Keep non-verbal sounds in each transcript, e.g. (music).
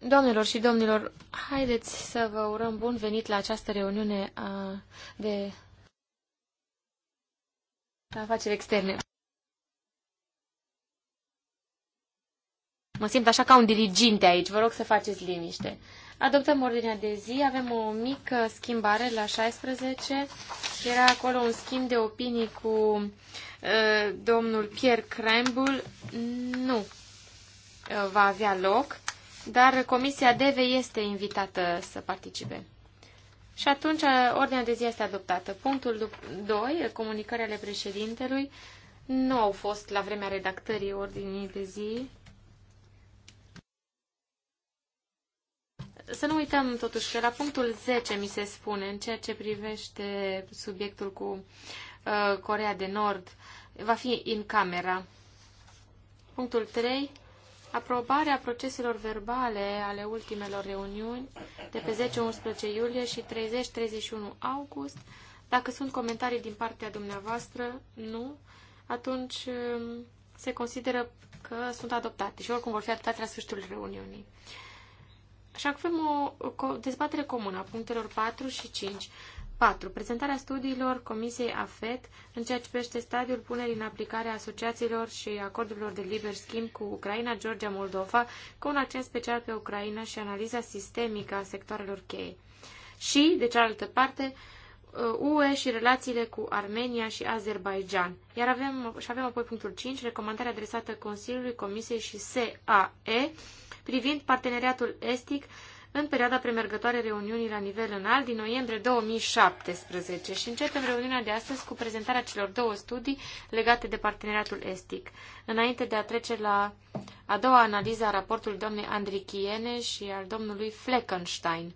Doamnelor și domnilor, haideți să vă urăm bun venit la această reuniune a, de afaceri externe. Mă simt așa ca un diriginte aici, vă rog să faceți liniște. Adoptăm ordinea de zi, avem o mică schimbare la 16. Era acolo un schimb de opinii cu uh, domnul Pierre Crambul. Nu va avea loc, dar Comisia DEVE este invitată să participe. Și atunci ordinea de zi este adoptată. Punctul 2, comunicările președintelui, nu au fost la vremea redactării ordinii de zi Să nu uităm totuși că la punctul 10 mi se spune, în ceea ce privește subiectul cu uh, Corea de Nord, va fi în camera. Punctul 3. Aprobarea proceselor verbale ale ultimelor reuniuni de pe 10-11 iulie și 30-31 august. Dacă sunt comentarii din partea dumneavoastră, nu, atunci um, se consideră că sunt adoptate și oricum vor fi adoptate la sfârșitul reuniunii. Așa că avem o dezbatere comună a punctelor 4 și 5. 4. Prezentarea studiilor Comisiei AFET în ceea ce privește stadiul punerii în aplicare a asociațiilor și acordurilor de liber schimb cu Ucraina, Georgia, Moldova, cu un accent special pe Ucraina și analiza sistemică a sectoarelor cheie. Și, de cealaltă parte, UE uh, și relațiile cu Armenia și Azerbaijan. Iar avem, și avem apoi punctul 5, recomandarea adresată Consiliului, Comisiei și SAE privind parteneriatul estic în perioada premergătoare reuniunii la nivel înalt din noiembrie 2017 și începem reuniunea de astăzi cu prezentarea celor două studii legate de parteneriatul estic. Înainte de a trece la a doua analiză a raportului domnului Andrichiene și al domnului Fleckenstein.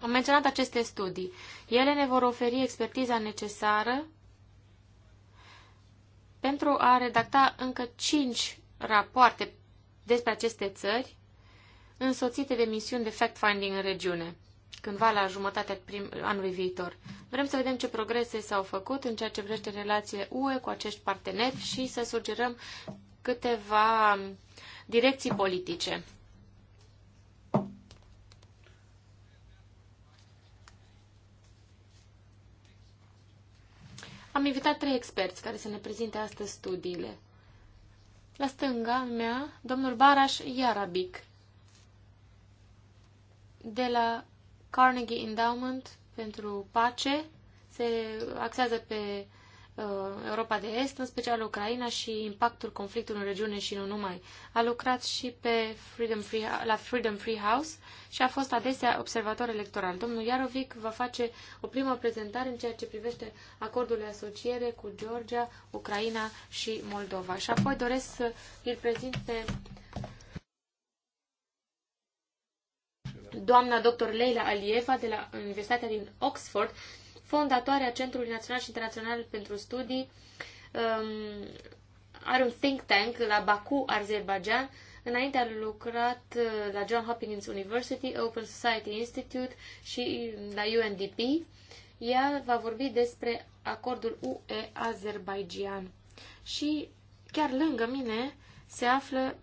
Am menționat aceste studii. Ele ne vor oferi expertiza necesară pentru a redacta încă cinci rapoarte despre aceste țări, însoțite de misiuni de fact-finding în regiune, cândva la jumătatea prim- anului viitor. Vrem să vedem ce progrese s-au făcut în ceea ce privește relațiile UE cu acești parteneri și să sugerăm câteva direcții politice. Am invitat trei experți care să ne prezinte astăzi studiile. La stânga mea, domnul Baraș Iarabic, de la Carnegie Endowment pentru Pace, se axează pe Uh, Europa de Est, în special Ucraina și impactul conflictului în regiune și nu numai. A lucrat și pe Freedom Free, la Freedom Free House și a fost adesea observator electoral. Domnul Iarovic va face o primă prezentare în ceea ce privește acordul de asociere cu Georgia, Ucraina și Moldova. Și apoi doresc să îl prezint pe doamna dr. Leila Alieva de la Universitatea din Oxford, fondatoare a Centrului Național și Internațional pentru Studii, um, are un think tank la Baku, Azerbaijan. Înainte a lucrat uh, la John Hopkins University, Open Society Institute și um, la UNDP. Ea va vorbi despre acordul UE-Azerbaijan. Și chiar lângă mine se află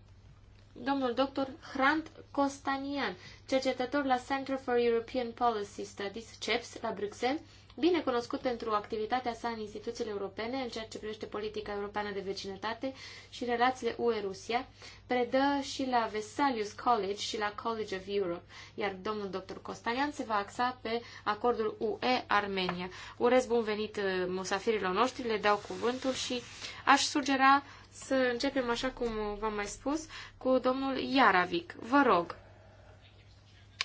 domnul doctor Hrant Costanian, cercetător la Center for European Policy Studies, CEPS, la Bruxelles, bine cunoscut pentru activitatea sa în instituțiile europene în ceea ce privește politica europeană de vecinătate și relațiile UE-Rusia, predă și la Vesalius College și la College of Europe, iar domnul dr. Costanian se va axa pe acordul UE-Armenia. Urez bun venit uh, musafirilor noștri, le dau cuvântul și aș sugera să începem așa cum v-am mai spus cu domnul Iaravic. Vă rog.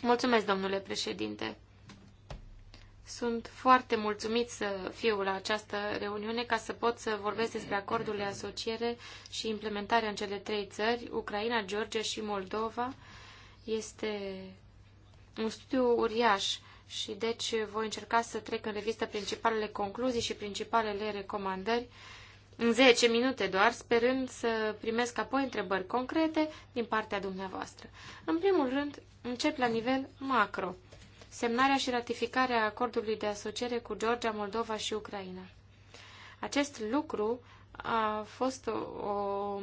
Mulțumesc, domnule președinte. Sunt foarte mulțumit să fiu la această reuniune ca să pot să vorbesc despre acordul de asociere și implementarea în cele trei țări, Ucraina, Georgia și Moldova. Este un studiu uriaș și deci voi încerca să trec în revistă principalele concluzii și principalele recomandări în 10 minute doar, sperând să primesc apoi întrebări concrete din partea dumneavoastră. În primul rând, încep la nivel macro semnarea și ratificarea acordului de asociere cu Georgia, Moldova și Ucraina. Acest lucru a fost o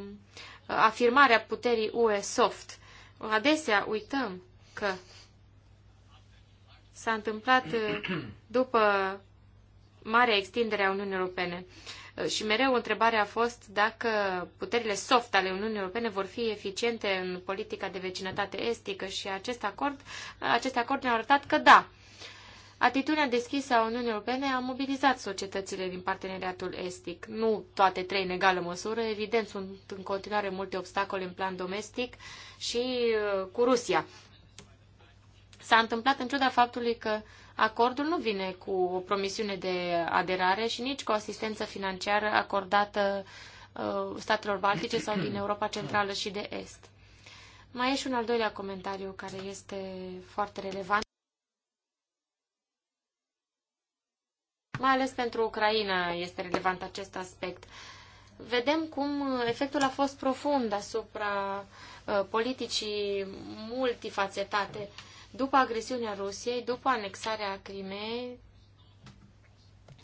afirmare a puterii UE soft. Adesea uităm că s-a întâmplat eh, (clears throat) după marea extindere a Uniunii Europene. Și mereu întrebarea a fost dacă puterile soft ale Uniunii Europene vor fi eficiente în politica de vecinătate estică și acest acord, aceste acorduri au arătat că da. Atitudinea deschisă a Uniunii Europene a mobilizat societățile din parteneriatul estic. Nu toate trei în egală măsură, evident sunt în continuare multe obstacole în plan domestic și uh, cu Rusia. S-a întâmplat în ciuda faptului că Acordul nu vine cu o promisiune de aderare și nici cu o asistență financiară acordată uh, statelor baltice sau din Europa Centrală și de Est. Mai e și un al doilea comentariu care este foarte relevant. Mai ales pentru Ucraina este relevant acest aspect. Vedem cum efectul a fost profund asupra uh, politicii multifacetate după agresiunea Rusiei, după anexarea Crimeei,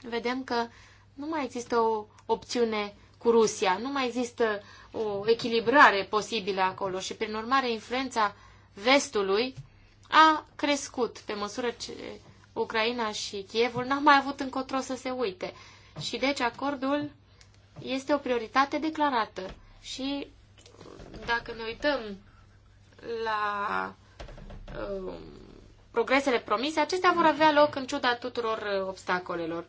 vedem că nu mai există o opțiune cu Rusia, nu mai există o echilibrare posibilă acolo și, prin urmare, influența vestului a crescut pe măsură ce Ucraina și Kievul n-au mai avut încotro să se uite. Și deci acordul este o prioritate declarată. Și dacă ne uităm la Um, progresele promise, acestea vor avea loc în ciuda tuturor uh, obstacolelor.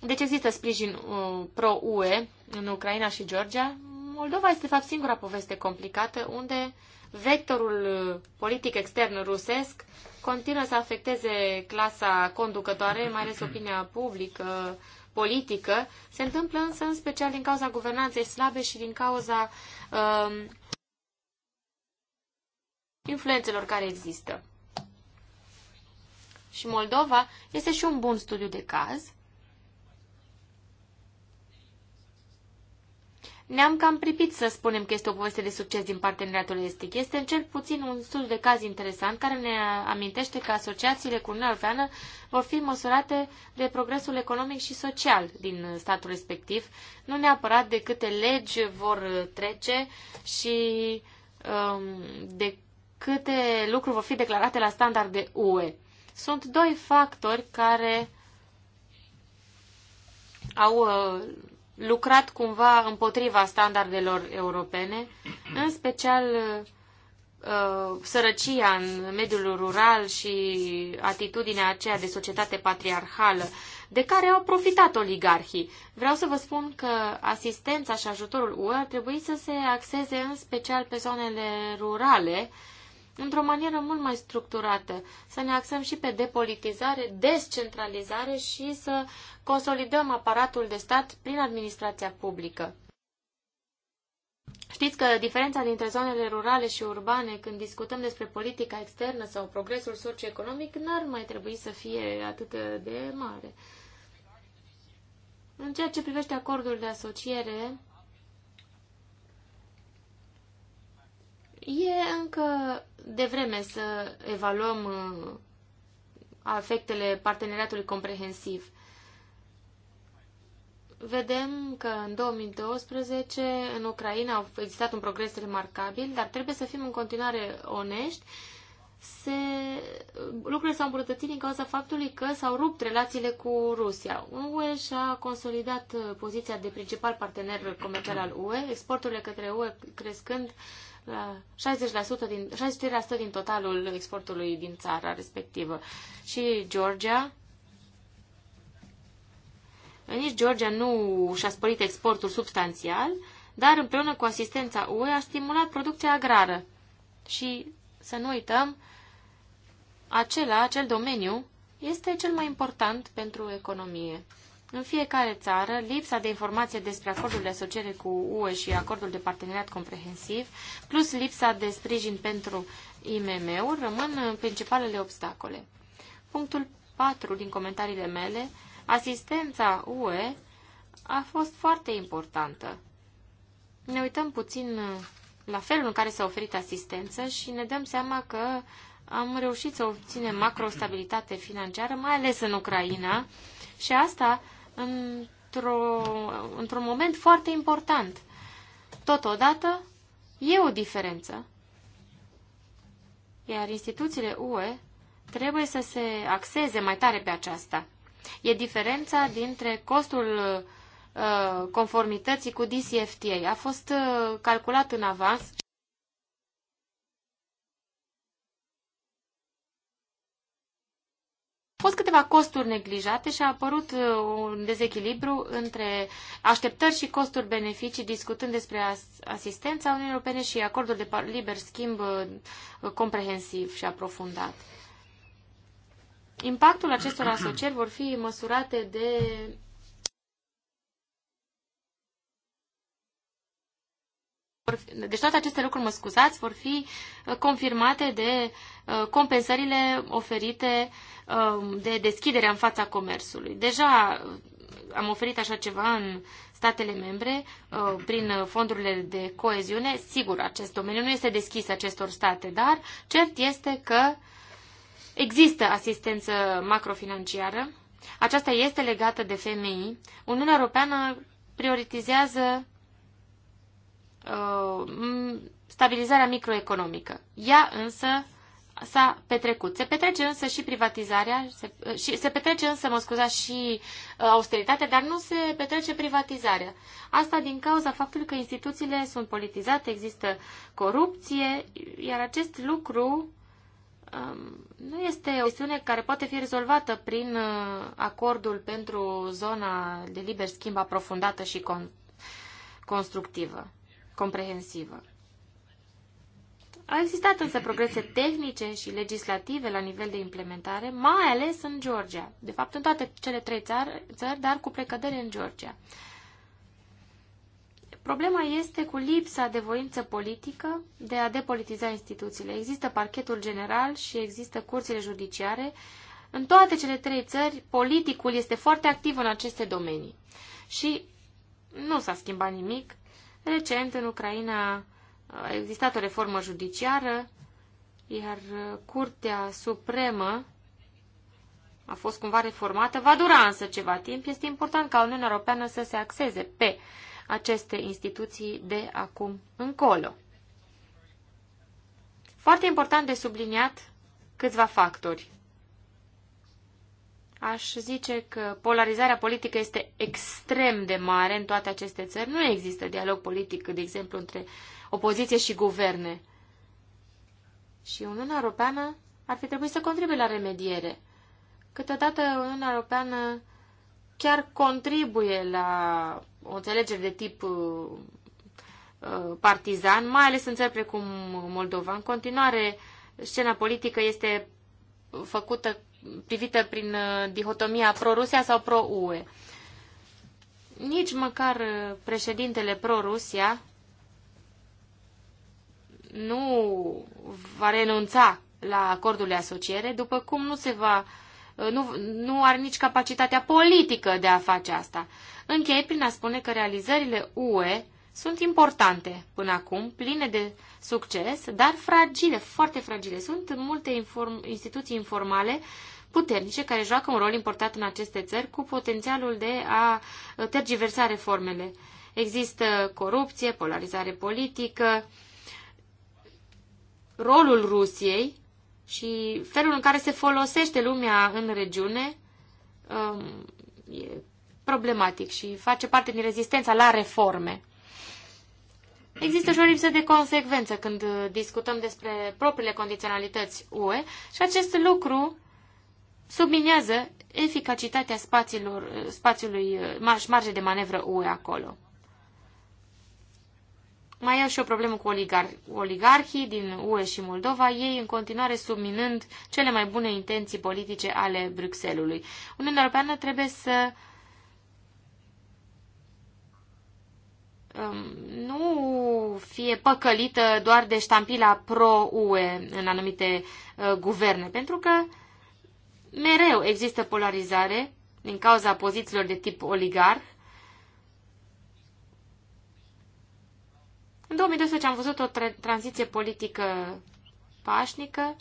Deci există sprijin uh, pro-UE în Ucraina și Georgia. Moldova este, de fapt, singura poveste complicată unde vectorul uh, politic extern rusesc continuă să afecteze clasa conducătoare, mai ales opinia publică, politică. Se întâmplă însă în special din cauza guvernanței slabe și din cauza uh, influențelor care există. Și Moldova este și un bun studiu de caz. Ne-am cam pripit să spunem că este o poveste de succes din parteneriatul estic. Este în cel puțin un studiu de caz interesant care ne amintește că asociațiile cu Uniunea Europeană vor fi măsurate de progresul economic și social din statul respectiv, nu neapărat de câte legi vor trece și um, de câte lucruri vor fi declarate la standarde UE. Sunt doi factori care au uh, lucrat cumva împotriva standardelor europene, în special uh, sărăcia în mediul rural și atitudinea aceea de societate patriarhală, de care au profitat oligarhii. Vreau să vă spun că asistența și ajutorul UE ar trebui să se axeze în special pe zonele rurale, uh, într-o manieră mult mai structurată, să ne axăm și pe depolitizare, descentralizare și să consolidăm aparatul de stat prin administrația publică. Știți că diferența dintre zonele rurale și urbane când discutăm despre politica externă sau progresul socioeconomic n-ar mai trebui să fie atât de mare. În ceea ce privește acordul de asociere, E încă devreme să evaluăm uh, afectele parteneriatului comprehensiv. Vedem că în 2012 în Ucraina a existat un progres remarcabil, dar trebuie să fim în continuare onești. Se, lucrurile s-au îmbunătățit din cauza faptului că s-au rupt relațiile cu Rusia. UE și-a consolidat uh, poziția de principal partener comercial al UE, exporturile către UE crescând uh, la 60% din, 63% din totalul exportului din țara respectivă. Și Georgia, nici Georgia nu și-a spărit exportul substanțial, dar împreună cu asistența UE a stimulat producția agrară. Și să nu uităm, acela, acel domeniu, este cel mai important pentru economie. În fiecare țară, lipsa de informație despre acordul de asociere cu UE și acordul de parteneriat comprehensiv, plus lipsa de sprijin pentru IMM-uri, rămân principalele obstacole. Punctul 4 din comentariile mele, asistența UE a fost foarte importantă. Ne uităm puțin uh, la felul în care s-a oferit asistență și ne dăm seama că am reușit să obținem macrostabilitate financiară, mai ales în Ucraina, și asta într-o, într-un moment foarte important. Totodată, e o diferență. Iar instituțiile UE trebuie să se axeze mai tare pe aceasta. E diferența dintre costul uh, conformității cu DCFTA. A fost uh, calculat în avans fost câteva costuri neglijate și a apărut uh, un dezechilibru între așteptări și costuri-beneficii discutând despre asistența Uniunii Europene și acordul de liber schimb uh, comprehensiv și aprofundat. Impactul acestor (clears throat) asocieri vor fi măsurate de deci toate aceste lucruri, mă scuzați, vor fi uh, confirmate de uh, compensările oferite um, de deschiderea în fața comerțului. Deja uh, am oferit așa ceva în statele membre prin fondurile de coeziune. Sigur, acest domeniu nu este deschis acestor state, dar cert este că există asistență macrofinanciară. Aceasta este legată de FMI. Uniunea Europeană prioritizează uh, stabilizarea microeconomică. Ea însă s-a petrecut. Se petrece însă și privatizarea, se, uh, și, se petrece însă, mă scuza, și uh, austeritatea, dar nu se petrece privatizarea. Asta din cauza faptului că instituțiile sunt politizate, există corupție, iar acest lucru um, nu este o chestiune care poate fi rezolvată prin uh, acordul pentru zona de liber schimb aprofundată și con- constructivă comprehensivă. Au existat însă progrese tehnice și legislative la nivel de implementare, mai ales în Georgia. De fapt, în toate cele trei țări, țări dar cu precădere în Georgia. Problema este cu lipsa de voință politică de a depolitiza instituțiile. Există parchetul general și există curțile judiciare. În toate cele trei țări, politicul este foarte activ în aceste domenii. Și nu s-a schimbat nimic. Recent, în Ucraina, a existat o reformă judiciară, iar Curtea Supremă a fost cumva reformată, va dura însă ceva timp. Este important ca Uniunea Europeană să se axeze pe aceste instituții de acum încolo. Foarte important de subliniat câțiva factori aș zice că polarizarea politică este extrem de mare în toate aceste țări. Nu există dialog politic, de exemplu, între opoziție și guverne. Și Uniunea Europeană ar fi trebuit să contribuie la remediere. Câteodată Uniunea Europeană chiar contribuie la o înțelegere de tip uh, uh, partizan, mai ales în țări precum Moldova. În continuare, scena politică este făcută privită prin uh, dihotomia pro-Rusia sau pro-UE. Nici măcar uh, președintele pro-Rusia nu va renunța la acordul de asociere, după cum nu se va uh, nu, nu are nici capacitatea politică de a face asta. Închei prin a spune că realizările UE sunt importante până acum, pline de succes, dar fragile, foarte fragile. Sunt multe inform- instituții informale puternice care joacă un rol important în aceste țări cu potențialul de a tergiversa reformele. Există corupție, polarizare politică, rolul Rusiei și felul în care se folosește lumea în regiune um, e problematic și face parte din rezistența la reforme. Există și o lipsă de consecvență când uh, discutăm despre propriile condiționalități UE și acest lucru subminează eficacitatea spațiilor, uh, spațiului, uh, marge de manevră UE acolo. Mai e și o problemă cu oligar- oligarhii din UE și Moldova, ei în continuare subminând cele mai bune intenții politice ale Bruxellesului. Uniunea Europeană trebuie să uh, Um, nu fie păcălită doar de ștampila pro-UE în anumite uh, guverne, pentru că mereu există polarizare din cauza pozițiilor de tip oligar. În 2012 am văzut o tra tranziție politică pașnică.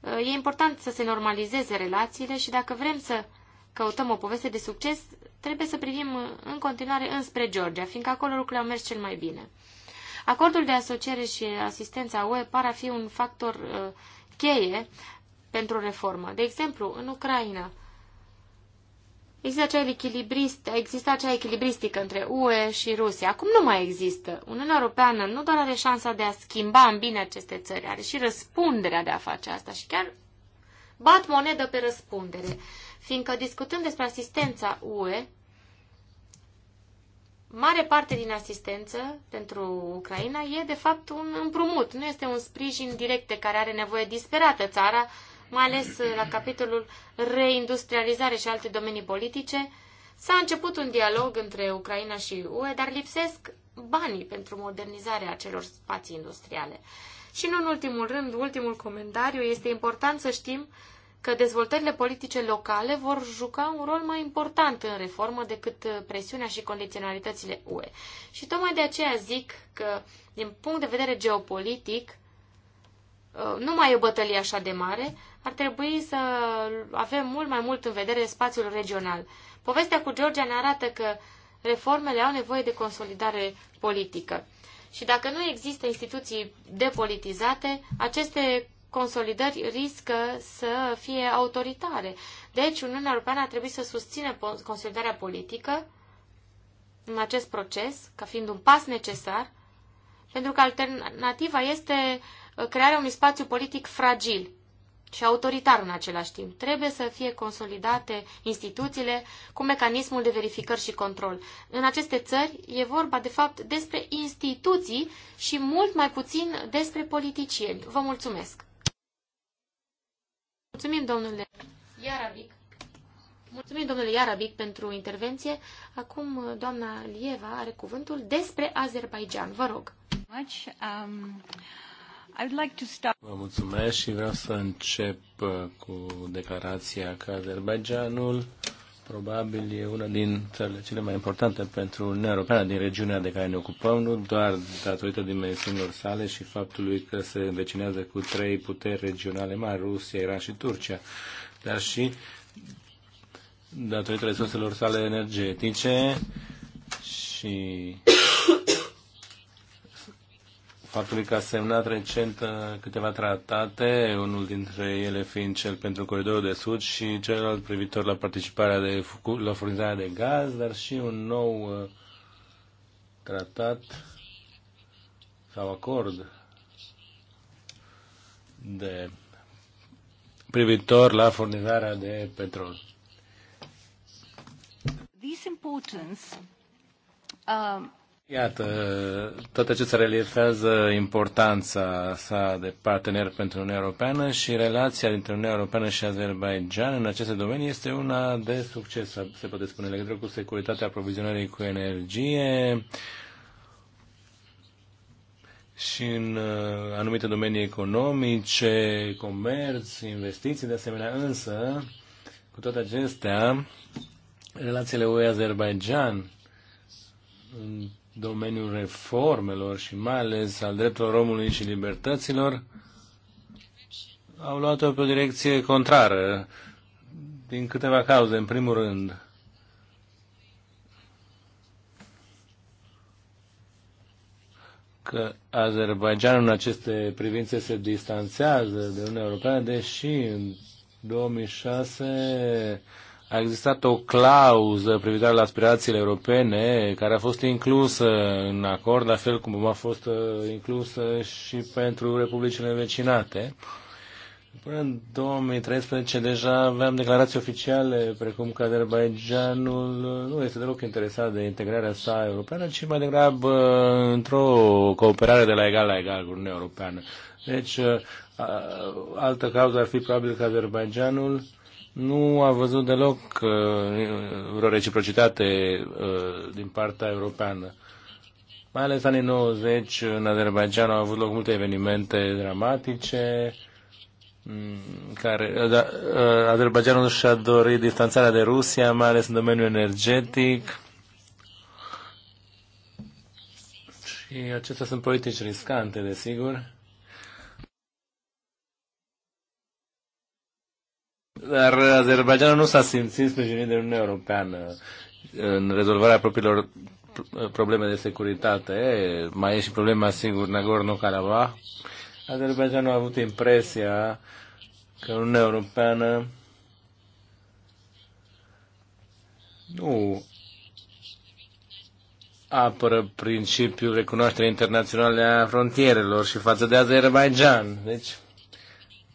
Uh, e important să se normalizeze relațiile și dacă vrem să căutăm o poveste de succes, trebuie să privim uh, în continuare înspre Georgia, fiindcă acolo lucrurile au mers cel mai bine. Acordul de asociere și asistența UE par a fi un factor uh, cheie pentru reformă. De exemplu, în Ucraina există acea, echilibrist, există acea echilibristică între UE și Rusia. Acum nu mai există. Uniunea Europeană nu doar are șansa de a schimba în bine aceste țări, are și răspunderea de a face asta și chiar bat monedă pe răspundere, fiindcă discutând despre asistența UE, mare parte din asistență pentru Ucraina e, de fapt, un împrumut. Nu este un sprijin direct de care are nevoie disperată țara, mai ales la capitolul reindustrializare și alte domenii politice. S-a început un dialog între Ucraina și UE, dar lipsesc banii pentru modernizarea acelor spații industriale. Și nu în ultimul rând, ultimul comentariu, este important să știm că dezvoltările politice locale vor juca un rol mai important în reformă decât presiunea și condiționalitățile UE. Și tocmai de aceea zic că, din punct de vedere geopolitic, uh, nu mai e o bătălie așa de mare, ar trebui să avem mult mai mult în vedere spațiul regional. Povestea cu Georgia ne arată că reformele au nevoie de consolidare politică. Și dacă nu există instituții depolitizate, aceste consolidări riscă să fie autoritare. Deci, Uniunea Europeană a trebuit să susțină consolidarea politică în acest proces, ca fiind un pas necesar, pentru că alternativa este uh, crearea unui spațiu politic fragil și autoritar în același timp. Trebuie să fie consolidate instituțiile cu mecanismul de verificări și control. În aceste țări e vorba, de fapt, despre instituții și mult mai puțin despre politicieni. Vă mulțumesc! Mulțumim, domnule Iarabic. Mulțumim, domnule Iarabic, pentru intervenție. Acum, doamna Lieva are cuvântul despre Azerbaijan. Vă rog. Um, Vă mulțumesc și vreau să încep uh, cu declarația că Azerbaijanul probabil e una din țările cele mai importante pentru Uniunea Europeană din regiunea de care ne ocupăm, nu doar datorită dimensiunilor sale și faptului că se învecinează cu trei puteri regionale mari, Rusia, Iran și Turcia, dar și datorită resurselor sale energetice și faptului că a semnat recent uh, câteva tratate, unul dintre ele fiind cel pentru Coridorul de Sud și celălalt privitor la participarea de, la furnizarea de gaz, dar și un nou uh, tratat sau acord de privitor la furnizarea de petrol. This importance uh, Iată, tot acestea relievează importanța sa de partener pentru Uniunea Europeană și relația dintre Uniunea Europeană și Azerbaijan în aceste domenii este una de succes, se poate spune, legătură cu securitatea aprovizionării cu energie și în uh, anumite domenii economice, comerț, investiții, de asemenea, însă, cu toate acestea, relațiile UE-Azerbaijan domeniul reformelor și mai ales al drepturilor omului și libertăților, au luat-o pe o direcție contrară, din câteva cauze. În primul rând, că Azerbaijanul în aceste privințe se distanțează de Uniunea Europeană, deși în 2006 a existat o clauză privitoare la aspirațiile europene care a fost inclusă în acord, la fel cum a fost uh, inclusă și pentru republicile vecinate. Până în 2013 deja aveam declarații oficiale precum că Azerbaijanul uh, nu este deloc interesat de integrarea sa europeană, ci mai degrabă uh, într-o cooperare de la egal la egal cu Uniunea Europeană. Deci, altă cauză ar fi probabil că Azerbaijanul nu a văzut deloc uh, vreo reciprocitate uh, din partea europeană. Mai ales anii 90 în Azerbaijan au avut loc multe evenimente dramatice, mm, care, uh, da, uh, Azerbaijanul și-a dorit distanțarea de Rusia, mai ales în domeniul energetic. Și acestea sunt politici riscante, desigur. Dar Azerbaijanul nu s-a simțit sprijinit de Uniunea Europeană în rezolvarea propriilor probleme de securitate. Mai e și problema, sigur, Nagorno-Karabakh. Azerbaijanul a avut impresia că Uniunea Europeană nu apără principiul recunoașterii internaționale a frontierelor și față de Azerbaijan. Deci,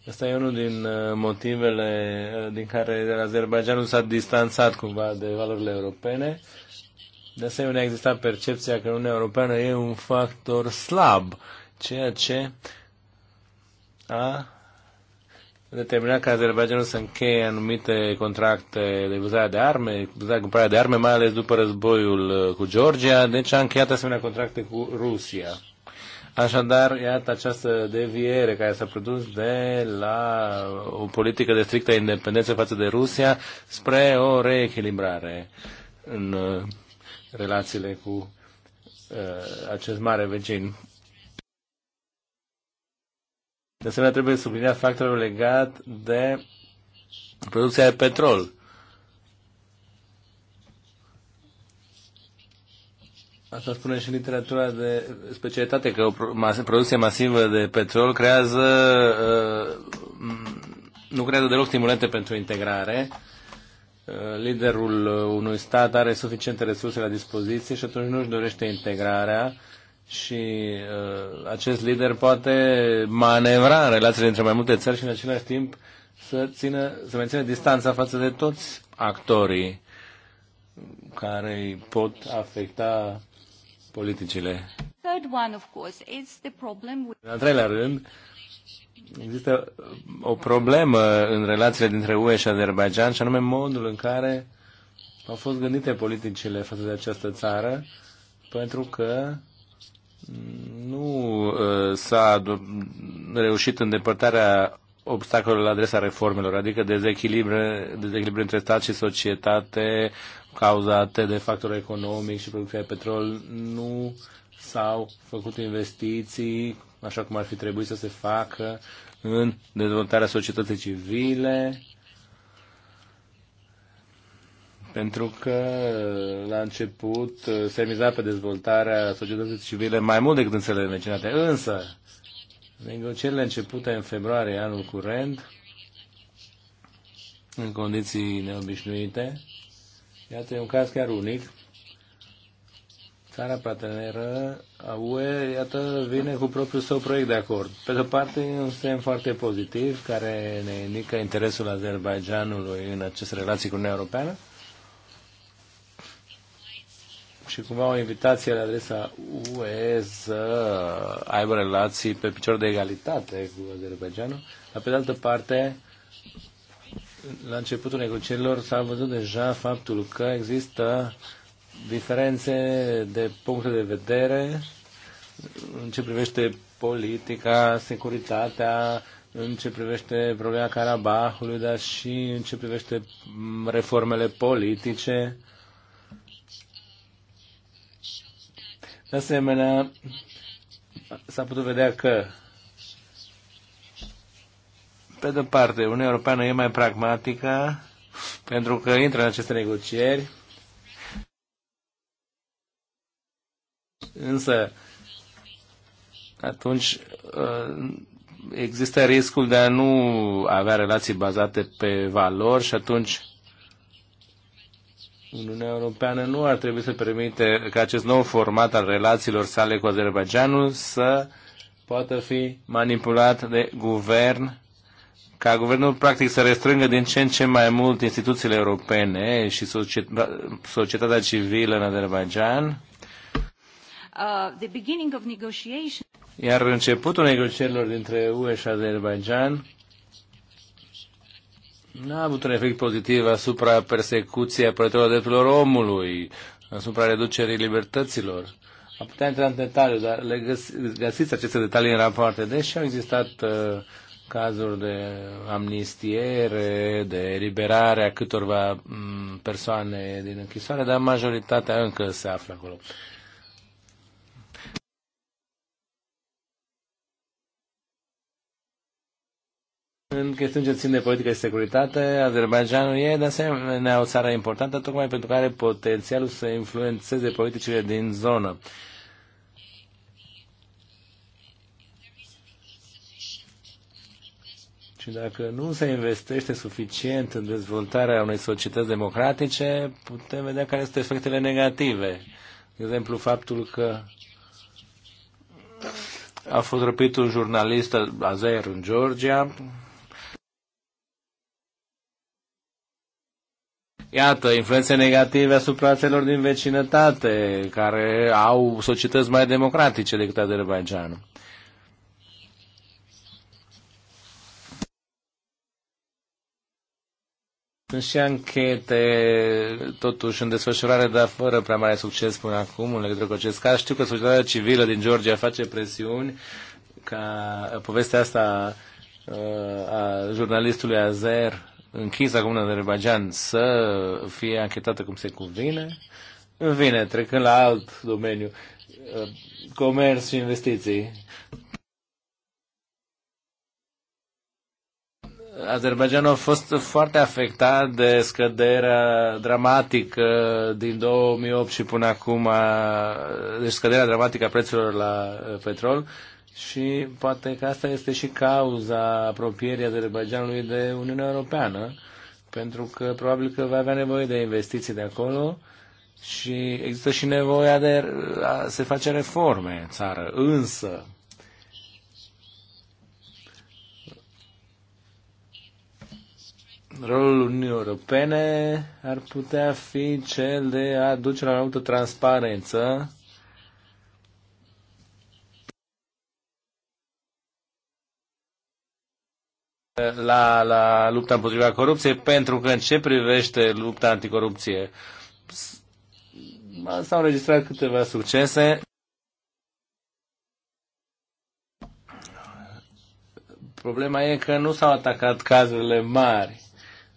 Asta e unul din uh, motivele uh, din care Azerbaijanul s-a distanțat cumva de valorile europene. De asemenea, exista percepția că Uniunea Europeană e un factor slab, ceea ce a determinat ca Azerbaijanul să încheie anumite contracte de vânzare de arme, vânzare cumpărare de arme, mai ales după războiul uh, cu Georgia, deci a încheiat asemenea contracte cu Rusia. Așadar, iată această deviere care s-a produs de la o politică de strictă independență față de Rusia spre o reechilibrare în uh, relațiile cu uh, acest mare vecin. De asemenea, trebuie subliniat factorul legat de producția de petrol Asta spune și literatura de specialitate, că o producție masivă de petrol creează, uh, nu creează deloc stimulente pentru integrare. Uh, liderul unui stat are suficiente resurse la dispoziție și atunci nu își dorește integrarea și uh, acest lider poate manevra în relațiile între mai multe țări și în același timp să, țină, să mențină distanța față de toți actorii care îi pot afecta politicile. În al treilea rând, există uh, o problemă în relațiile dintre UE și Azerbaijan, și anume modul în care au fost gândite politicile față de această țară, pentru că nu uh, s-a reușit îndepărtarea obstacolul la adresa reformelor, adică dezechilibre, dezechilibre între stat și societate, cauzate de factori economic și producția de petrol, nu s-au făcut investiții așa cum ar fi trebuit să se facă în dezvoltarea societății civile, pentru că la început se miza pe dezvoltarea societății civile mai mult decât în țările vecinate. Însă, negocierile începute în februarie anul curent, în condiții neobișnuite, Iată, e un caz chiar unic. Țara parteneră a UE, iată, vine cu propriul său proiect de acord. Pe de-o parte, e un semn foarte pozitiv care ne indică interesul Azerbaijanului în aceste relații cu Uniunea Europeană și cumva o invitație la adresa UE să aibă relații pe picior de egalitate cu Azerbaijanul, dar pe de altă parte la începutul negocierilor s-a văzut deja faptul că există diferențe de puncte de vedere în ce privește politica, securitatea, în ce privește problema Carabahului, dar și în ce privește reformele politice. De asemenea, s-a putut vedea că pe de parte, Uniunea Europeană e mai pragmatică pentru că intră în aceste negocieri, însă atunci uh, există riscul de a nu avea relații bazate pe valori și atunci Uniunea Europeană nu ar trebui să permite ca acest nou format al relațiilor sale cu Azerbaijanul să poată fi manipulat de guvern ca guvernul practic să restrângă din ce în ce mai mult instituțiile europene și societatea civilă în Azerbaijan. Uh, Iar începutul negocierilor dintre UE și Azerbaijan nu a avut un efect pozitiv asupra persecuției apărătorilor drepturilor omului, asupra reducerii libertăților. Am putea intra în detaliu, dar le găs- găsiți aceste detalii în rapoarte. Deși au existat uh, cazuri de amnistiere, de eliberare a câtorva mm, persoane din închisoare, dar majoritatea încă se află acolo. În chestiuni ce țin de politică și securitate, Azerbaijanul e de asemenea o țară importantă, tocmai pentru că are potențialul să influențeze politicile din zonă. Și dacă nu se investește suficient în dezvoltarea unei societăți democratice, putem vedea care sunt efectele negative. De exemplu, faptul că a fost răpit un jurnalist azer în Georgia. Iată, influențe negative asupra celor din vecinătate, care au societăți mai democratice decât Azerbaijanul. Sunt și anchete, totuși, în desfășurare, dar fără prea mare succes până acum în legătură cu acest caz. Știu că societatea civilă din Georgia face presiuni ca povestea asta uh, a jurnalistului Azer închis acum în Azerbaijan să fie anchetată cum se cuvine. În vine, trecând la alt domeniu, uh, comerț și investiții. Azerbaijanul a fost foarte afectat de scăderea dramatică din 2008 și până acum, de deci scăderea dramatică a prețurilor la uh, petrol și poate că asta este și cauza apropierii Azerbaijanului de Uniunea Europeană, pentru că probabil că va avea nevoie de investiții de acolo și există și nevoia de a se face reforme în țară. Însă, rolul Uniunii Europene ar putea fi cel de a duce la multă transparență la, la lupta împotriva corupției, pentru că în ce privește lupta anticorupție s-au înregistrat câteva succese. Problema e că nu s-au atacat cazurile mari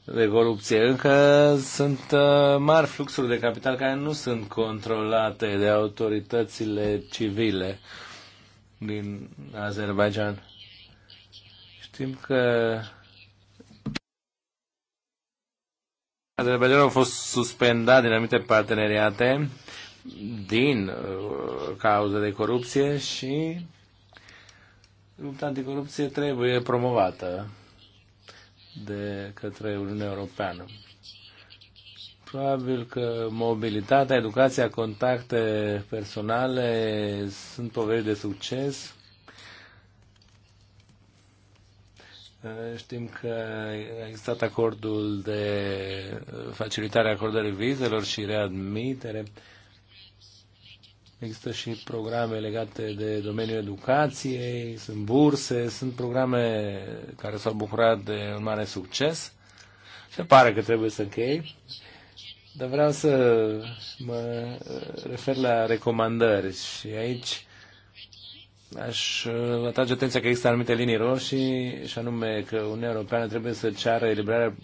de corupție. Încă sunt uh, mari fluxuri de capital care nu sunt controlate de autoritățile civile din Azerbaijan. Știm că Azerbaijanul a fost suspendat din anumite parteneriate din uh, cauza de corupție și lupta anticorupție trebuie promovată de către Uniunea Europeană. Probabil că mobilitatea, educația, contacte personale sunt povești de succes. Știm că a existat acordul de facilitare a acordării vizelor și readmitere. Există și programe legate de domeniul educației, sunt burse, sunt programe care s-au bucurat de un mare succes. Se pare că trebuie să închei, dar vreau să mă refer la recomandări și aici aș atrage atenția că există anumite linii roșii și anume că Uniunea Europeană trebuie să ceară eliberarea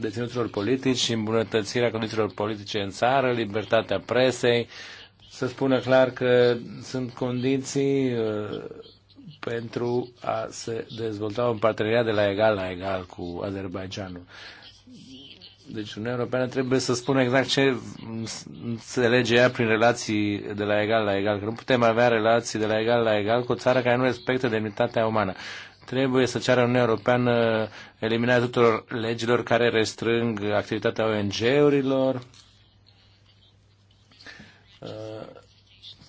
deținuților politici și îmbunătățirea condițiilor politice în țară, libertatea presei, să spună clar că sunt condiții uh, pentru a se dezvolta un parteneriat de la egal la egal cu Azerbaijanul. Deci Uniunea Europeană trebuie să spună exact ce înțelege ea prin relații de la egal la egal, că nu putem avea relații de la egal la egal cu o țară care nu respectă demnitatea umană. Trebuie să ceară Uniunea Europeană eliminarea tuturor legilor care restrâng activitatea ONG-urilor,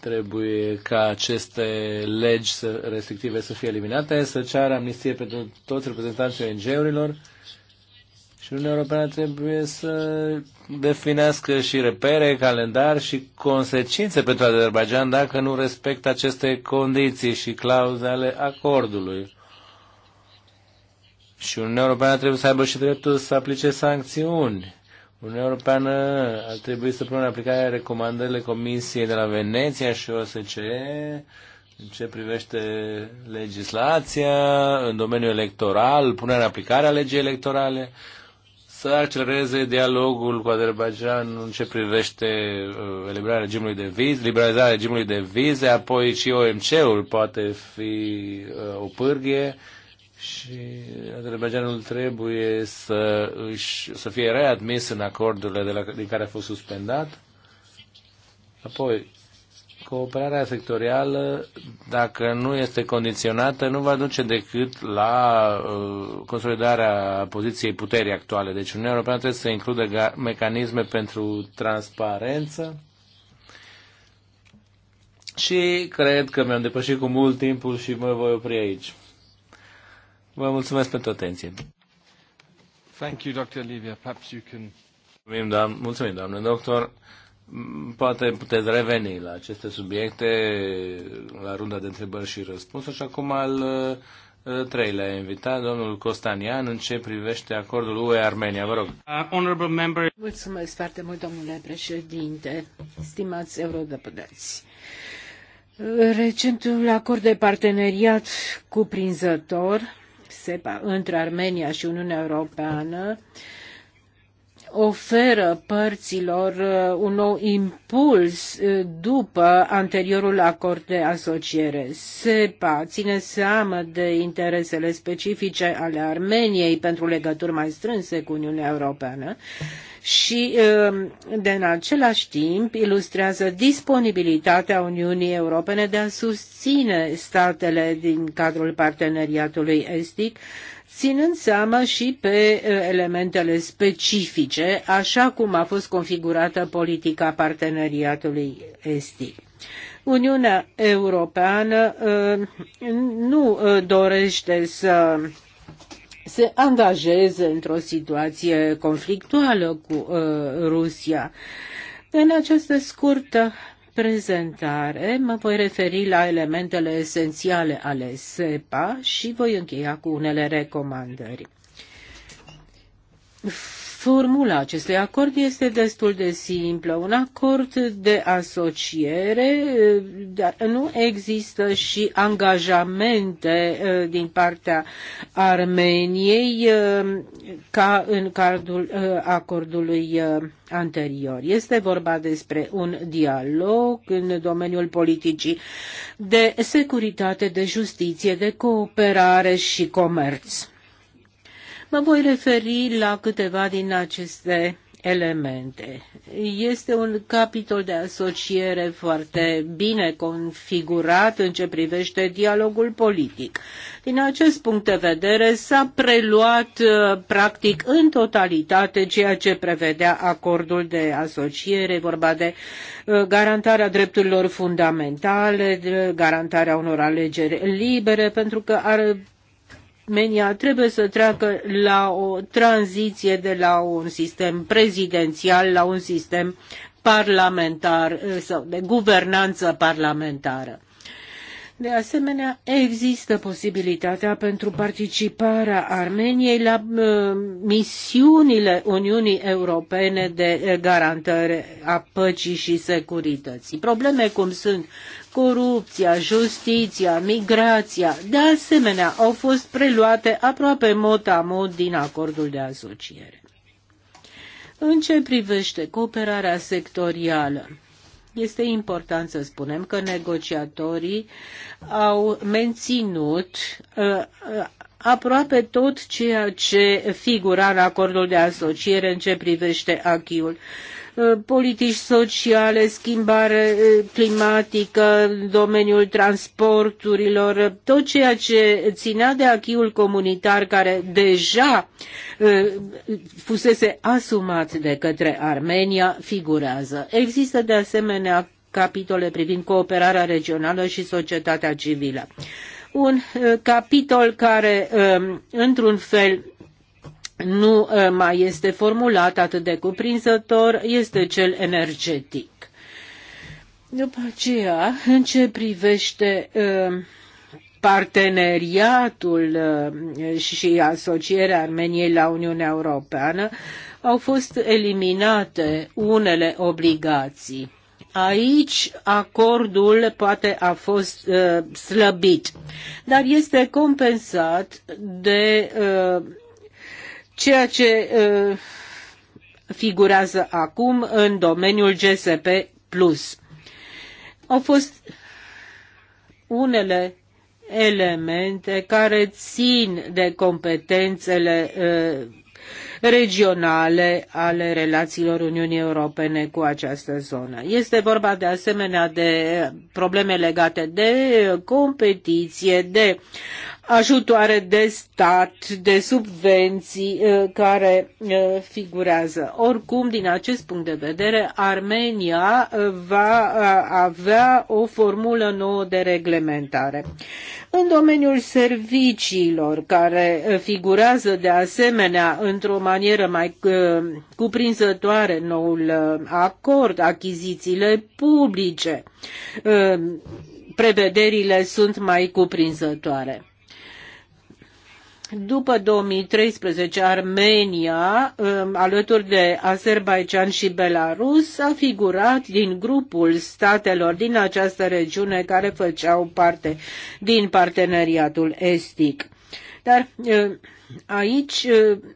trebuie ca aceste legi restrictive să fie eliminate, să ceară amnistie pentru toți reprezentanții ONG-urilor și Uniunea Europeană trebuie să definească și repere, calendar și consecințe pentru Azerbaijan dacă nu respectă aceste condiții și clauze ale acordului. Și Uniunea Europeană trebuie să aibă și dreptul să aplice sancțiuni Uniunea Europeană ar trebui să pună în aplicare recomandările Comisiei de la Veneția și OSCE în ce privește legislația în domeniul electoral, punerea în aplicare a legii electorale, să accelereze dialogul cu Azerbaijan în ce privește uh, eliberarea regimului de vize, liberalizarea regimului de vize, apoi și OMC-ul poate fi uh, o pârghie și Azerbaijanul trebuie să, își, să fie readmis în acordurile de la, din care a fost suspendat. Apoi, cooperarea sectorială, dacă nu este condiționată, nu va duce decât la uh, consolidarea poziției puterii actuale. Deci Uniunea Europeană trebuie să includă mecanisme pentru transparență și cred că mi-am depășit cu mult timpul și mă voi opri aici. Vă mulțumesc pentru atenție. Thank you, Dr. Livia. Perhaps you can... Mulțumim, doam- mulțumim, doamne doctor. Mm, poate puteți reveni la aceste subiecte, la runda de întrebări și răspunsuri. Și acum al uh, treilea invitat, domnul Costanian, în ce privește acordul UE-Armenia. Vă rog. Uh, member... Mulțumesc foarte mult, domnule președinte, stimați eurodeputați. Recentul acord de parteneriat cuprinzător SEPA între Armenia și Uniunea Europeană oferă părților uh, un nou impuls uh, după anteriorul acord de asociere. SEPA ține seamă de interesele specifice ale Armeniei pentru legături mai strânse cu Uniunea Europeană și ehm, de în același timp ilustrează disponibilitatea Uniunii Europene de a susține statele din cadrul parteneriatului estic, ținând seama și pe eh, elementele specifice, așa cum a fost configurată politica parteneriatului estic. Uniunea Europeană ehm, nu eh, dorește să se angajeze într-o situație conflictuală cu uh, Rusia. În această scurtă prezentare mă voi referi la elementele esențiale ale SEPA și voi încheia cu unele recomandări Formula acestui acord este destul de simplă, un acord de asociere, dar nu există și angajamente eh, din partea Armeniei eh, ca în cadrul eh, acordului anterior. Este vorba despre un dialog în domeniul politicii de securitate, de justiție, de cooperare și comerț. Mă voi referi la câteva din aceste elemente. Este un capitol de asociere foarte bine configurat în ce privește dialogul politic. Din acest punct de vedere s-a preluat uh, practic în totalitate ceea ce prevedea acordul de asociere, vorba de uh, garantarea drepturilor fundamentale, garantarea unor alegeri libere, pentru că ar Armenia trebuie să treacă la o tranziție de la un sistem prezidențial la un sistem parlamentar eh, sau de guvernanță parlamentară. De asemenea, există posibilitatea pentru participarea Armeniei la uh, misiunile Uniunii Europene de garantare a păcii și securității. Probleme cum sunt corupția, justiția, migrația, de asemenea, au fost preluate aproape mot a mod din acordul de asociere. În ce privește cooperarea sectorială, este important să spunem că negociatorii au menținut uh, uh aproape tot ceea ce figura în acordul de asociere în ce privește achiul Uh, politici sociale, schimbare uh, climatică, domeniul transporturilor, tot ceea ce ținea de achiul comunitar care deja uh, fusese asumat de către Armenia figurează. Există de asemenea capitole privind cooperarea regională și societatea civilă. Un capitol care, um, într-un fel, nu ă, mai este formulat atât de cuprinzător este cel energetic. După aceea, în ce privește ă, parteneriatul ă, și asocierea Armeniei la Uniunea Europeană, au fost eliminate unele obligații. Aici acordul poate a fost uh, slăbit, dar este compensat de uh, ceea ce figurează acum în domeniul GSP+. Au fost unele elemente care țin de competențele regionale ale relațiilor Uniunii Europene cu această zonă. Este vorba de asemenea de probleme legate de competiție, de ajutoare de stat, de subvenții uh, care uh, figurează. Oricum, din acest punct de vedere, Armenia uh, va avea o formulă nouă de reglementare. În domeniul serviciilor, care figurează de asemenea într-o manieră mai cuprinzătoare noul acord, achizițiile publice, prevederile sunt mai cuprinzătoare după 2013, Armenia, um, alături de Azerbaijan și Belarus, a figurat din grupul statelor din această regiune care făceau parte din parteneriatul estic. Dar um, aici um,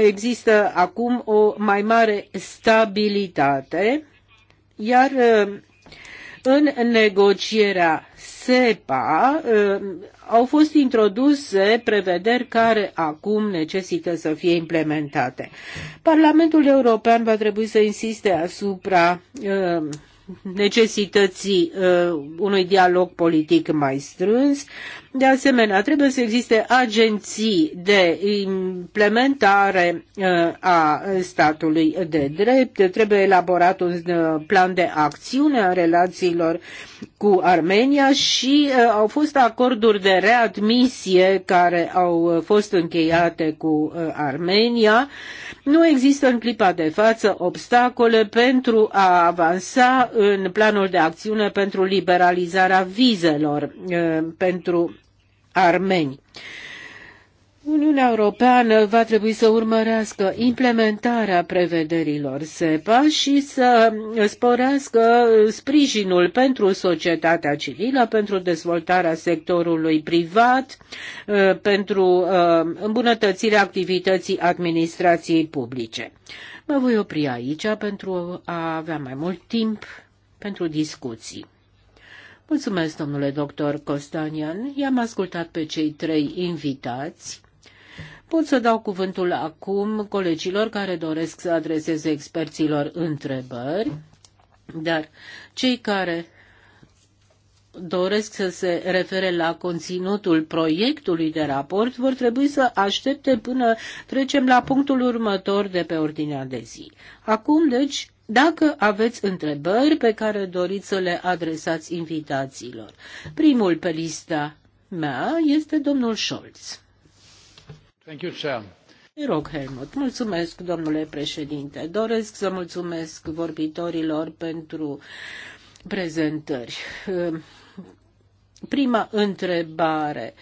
există acum o mai mare stabilitate, iar în negocierea SEPA uh, au fost introduse prevederi care acum necesită să fie implementate. Parlamentul European va trebui să insiste asupra uh, necesității uh, unui dialog politic mai strâns, de asemenea, trebuie să existe agenții de implementare uh, a statului de drept, trebuie elaborat un uh, plan de acțiune a relațiilor cu Armenia și uh, au fost acorduri de readmisie care au fost încheiate cu Armenia. Nu există în clipa de față obstacole pentru a avansa în planul de acțiune pentru liberalizarea vizelor pentru armeni. Uniunea Europeană va trebui să urmărească implementarea prevederilor SEPA și să sporească sprijinul pentru societatea civilă, pentru dezvoltarea sectorului privat, eh, pentru eh, îmbunătățirea activității administrației publice. Mă voi opri aici pentru a avea mai mult timp pentru discuții. Mulțumesc, domnule doctor Costanian. I-am ascultat pe cei trei invitați. Pot să dau cuvântul acum colegilor care doresc să adreseze experților întrebări, dar cei care doresc să se refere la conținutul proiectului de raport vor trebui să aștepte până trecem la punctul următor de pe ordinea de zi. Acum, deci, dacă aveți întrebări pe care doriți să le adresați invitațiilor. Primul pe lista mea este domnul Scholz. Thank you, sir. Te rog, Helmut. Mulțumesc, domnule președinte. Doresc să mulțumesc vorbitorilor pentru prezentări. Prima întrebare.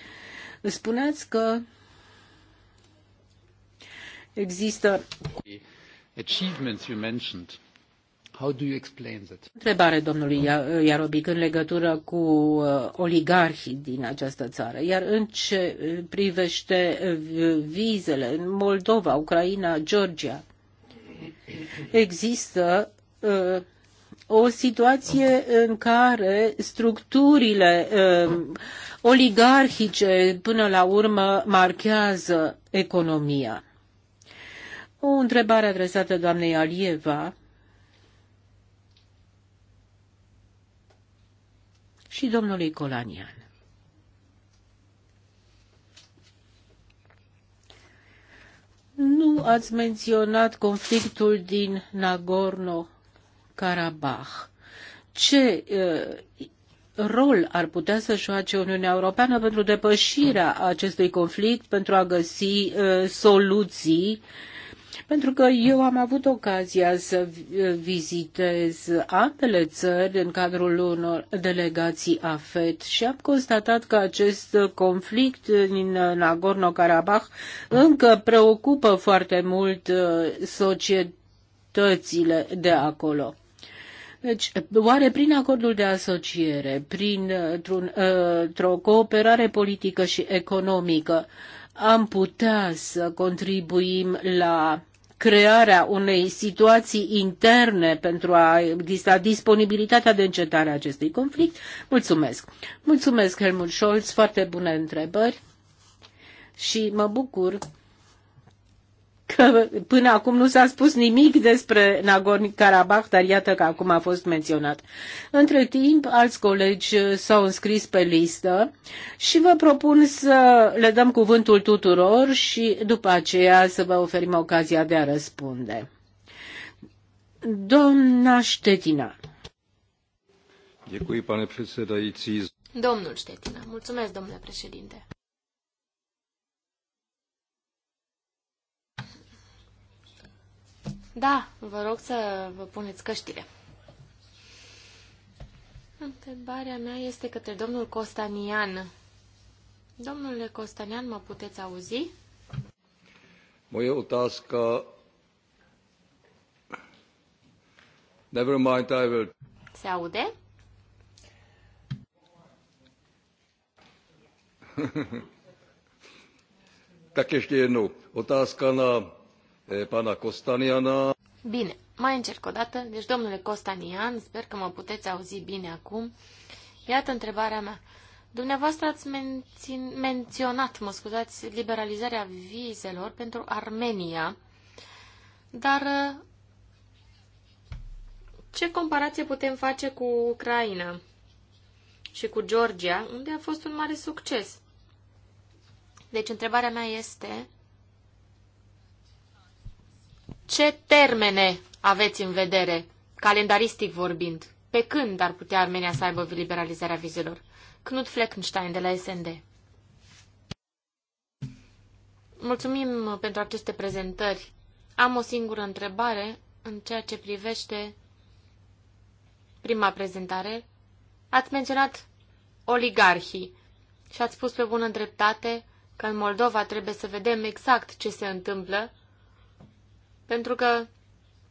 Spuneați că există achievements you mentioned How do you explain that? Întrebare domnului Iarobic în legătură cu uh, oligarhii din această țară. Iar în ce uh, privește uh, vizele în Moldova, Ucraina, Georgia, există o situație în care structurile oligarhice până la urmă marchează economia. O întrebare adresată doamnei Alieva și domnului Colanian. Nu ați menționat conflictul din Nagorno-Karabakh. Ce uh, rol ar putea să joace Uniunea Europeană pentru depășirea acestui conflict, pentru a găsi uh, soluții uh, pentru că eu am avut ocazia să vizitez ambele țări în cadrul unor delegații AFET și am constatat că acest conflict din Nagorno-Karabakh încă preocupă foarte mult uh, societățile de acolo. Deci, oare prin acordul de asociere, printr-o uh, uh, cooperare politică și economică, am putea să contribuim la crearea unei situații interne pentru a exista disponibilitatea de încetare a acestui conflict? Mulțumesc. Mulțumesc, Helmut Scholz, foarte bune întrebări și mă bucur că până acum nu s-a spus nimic despre Nagorno-Karabakh, dar iată că acum a fost menționat. Între timp, alți colegi s-au înscris pe listă și vă propun să le dăm cuvântul tuturor și după aceea să vă oferim ocazia de a răspunde. Doamna Ștetina. Domnul Ștetina. Mulțumesc, domnule președinte. Da, vă rog să vă puneți căștile. Întrebarea mea este către domnul Costanian. Domnule Costanian, mă puteți auzi? Moje otázka... Never mind, I will... Se aude? (laughs) tak ještě jednou. Otázka na pana Costaniana. Bine, mai încerc o dată. Deci, domnule Costanian, sper că mă puteți auzi bine acum. Iată întrebarea mea. Dumneavoastră ați mențin, menționat, mă scuzați, liberalizarea vizelor pentru Armenia, dar ce comparație putem face cu Ucraina și cu Georgia, unde a fost un mare succes? Deci, întrebarea mea este ce termene aveți în vedere, calendaristic vorbind? Pe când ar putea Armenia să aibă liberalizarea vizelor? Knut Fleckenstein de la SND. Mulțumim pentru aceste prezentări. Am o singură întrebare în ceea ce privește prima prezentare. Ați menționat oligarhii și ați spus pe bună dreptate că în Moldova trebuie să vedem exact ce se întâmplă pentru că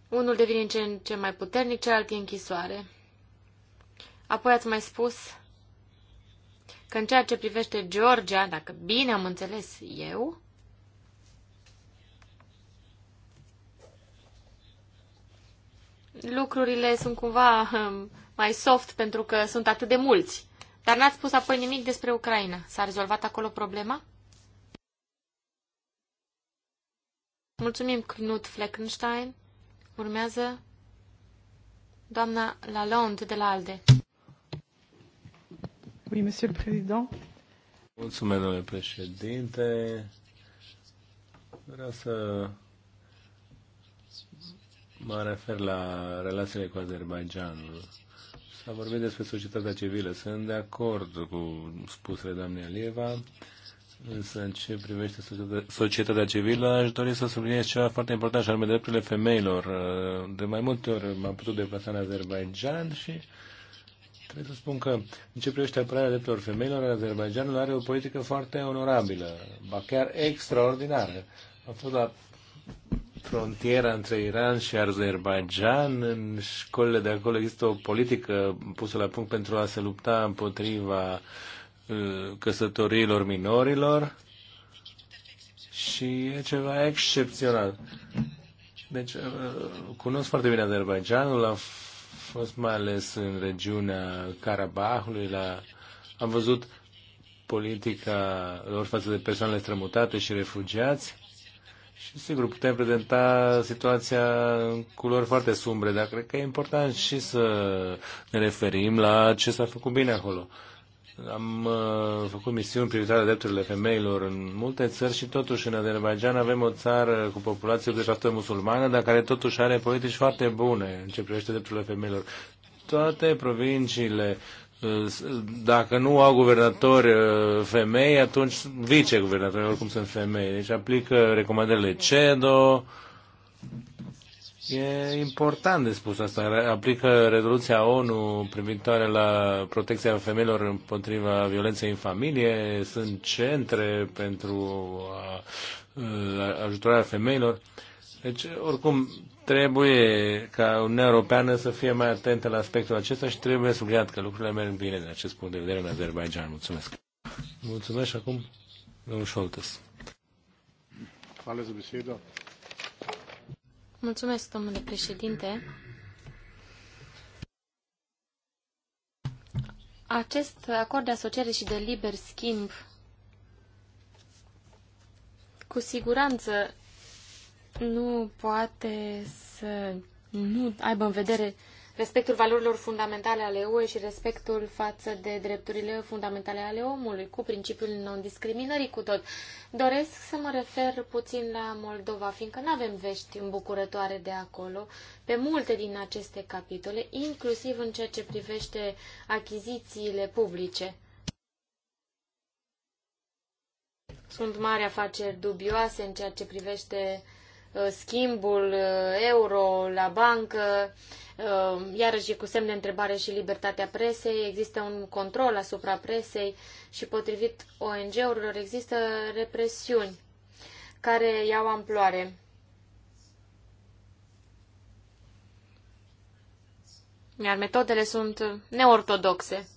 unul devine în ce în ce mai puternic, celălalt e închisoare. Apoi ați mai spus că în ceea ce privește Georgia, dacă bine am înțeles eu, lucrurile sunt cumva mai soft pentru că sunt atât de mulți. Dar n-ați spus apoi nimic despre Ucraina. S-a rezolvat acolo problema? Mulțumim, Knut Fleckenstein. Urmează doamna Lalonde de la ALDE. Oui, monsieur le président. Mulțumesc, domnule președinte. Vreau să mă refer la relațiile cu Azerbaijanul. S-a vorbit despre societatea civilă. Sunt de acord cu spusele doamnei Alieva Însă, în ce privește societatea civilă, aș dori să subliniez ceva foarte important, și anume drepturile femeilor. De mai multe ori m-am putut deplasa în Azerbaijan și trebuie să spun că, în ce privește apărarea drepturilor femeilor, Azerbaijanul are o politică foarte onorabilă, ba chiar extraordinară. a fost la frontiera între Iran și Azerbaijan. În școlile de acolo există o politică pusă la punct pentru a se lupta împotriva Uh, căsătoriilor minorilor și e ceva excepțional. Deci, uh, cunosc foarte bine Azerbaijanul, am fost mai ales în regiunea Karabahului, la, am văzut politica lor față de persoanele strămutate și refugiați și sigur putem prezenta situația în culori foarte sumbre, dar cred că e important și să ne referim la ce s-a făcut bine acolo. Uh, am uh, făcut misiuni privitoare la drepturile femeilor în multe țări și totuși în Azerbaijan avem o țară cu populație 80% musulmană, dar care totuși are politici foarte bune în ce privește drepturile femeilor. Toate provinciile, uh, dacă nu au guvernatori uh, femei, atunci viceguvernatori oricum sunt femei. Deci aplică recomandările CEDO, uh, E important de spus asta. Aplică rezoluția ONU privitoare la protecția femeilor împotriva violenței în familie. Sunt centre pentru a, a, ajutorarea femeilor. Deci, oricum, trebuie ca Uniunea Europeană să fie mai atentă la aspectul acesta și trebuie subliniat că lucrurile merg bine din acest punct de vedere în Azerbaijan. Mulțumesc. Mulțumesc și acum domnul Șoltes. Hvala Mulțumesc, domnule președinte. Acest acord de asociere și de liber schimb cu siguranță nu poate să nu aibă în vedere respectul valorilor fundamentale ale UE și respectul față de drepturile fundamentale ale omului, cu principiul non-discriminării cu tot. Doresc să mă refer puțin la Moldova, fiindcă nu avem vești îmbucurătoare de acolo, pe multe din aceste capitole, inclusiv în ceea ce privește achizițiile publice. Sunt mari afaceri dubioase în ceea ce privește Uh, schimbul uh, euro la bancă, uh, iarăși cu semne întrebare și libertatea presei, există un control asupra presei și potrivit ONG-urilor există represiuni care iau amploare. Iar metodele sunt neortodoxe.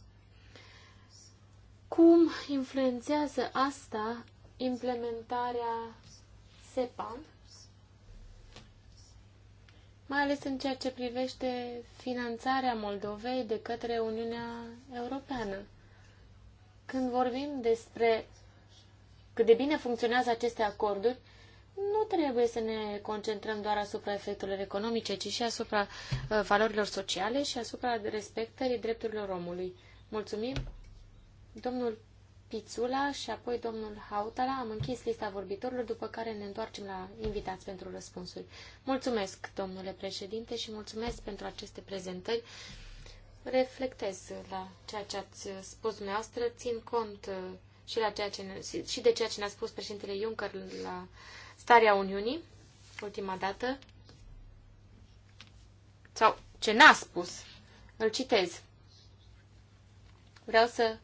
Cum influențează asta implementarea SEPA? mai ales în ceea ce privește finanțarea Moldovei de către Uniunea Europeană. Când vorbim despre cât de bine funcționează aceste acorduri, nu trebuie să ne concentrăm doar asupra efectelor economice, ci și asupra uh, valorilor sociale și asupra respectării drepturilor omului. Mulțumim, domnul Pițula și apoi domnul Hautala. Am închis lista vorbitorilor, după care ne întoarcem la invitați pentru răspunsuri. Mulțumesc, domnule președinte, și mulțumesc pentru aceste prezentări. Reflectez la ceea ce ați spus dumneavoastră, țin cont uh, și, la ceea ce ne, și de ceea ce ne-a spus președintele Juncker la starea Uniunii, ultima dată, sau ce n-a spus. Îl citez. Vreau să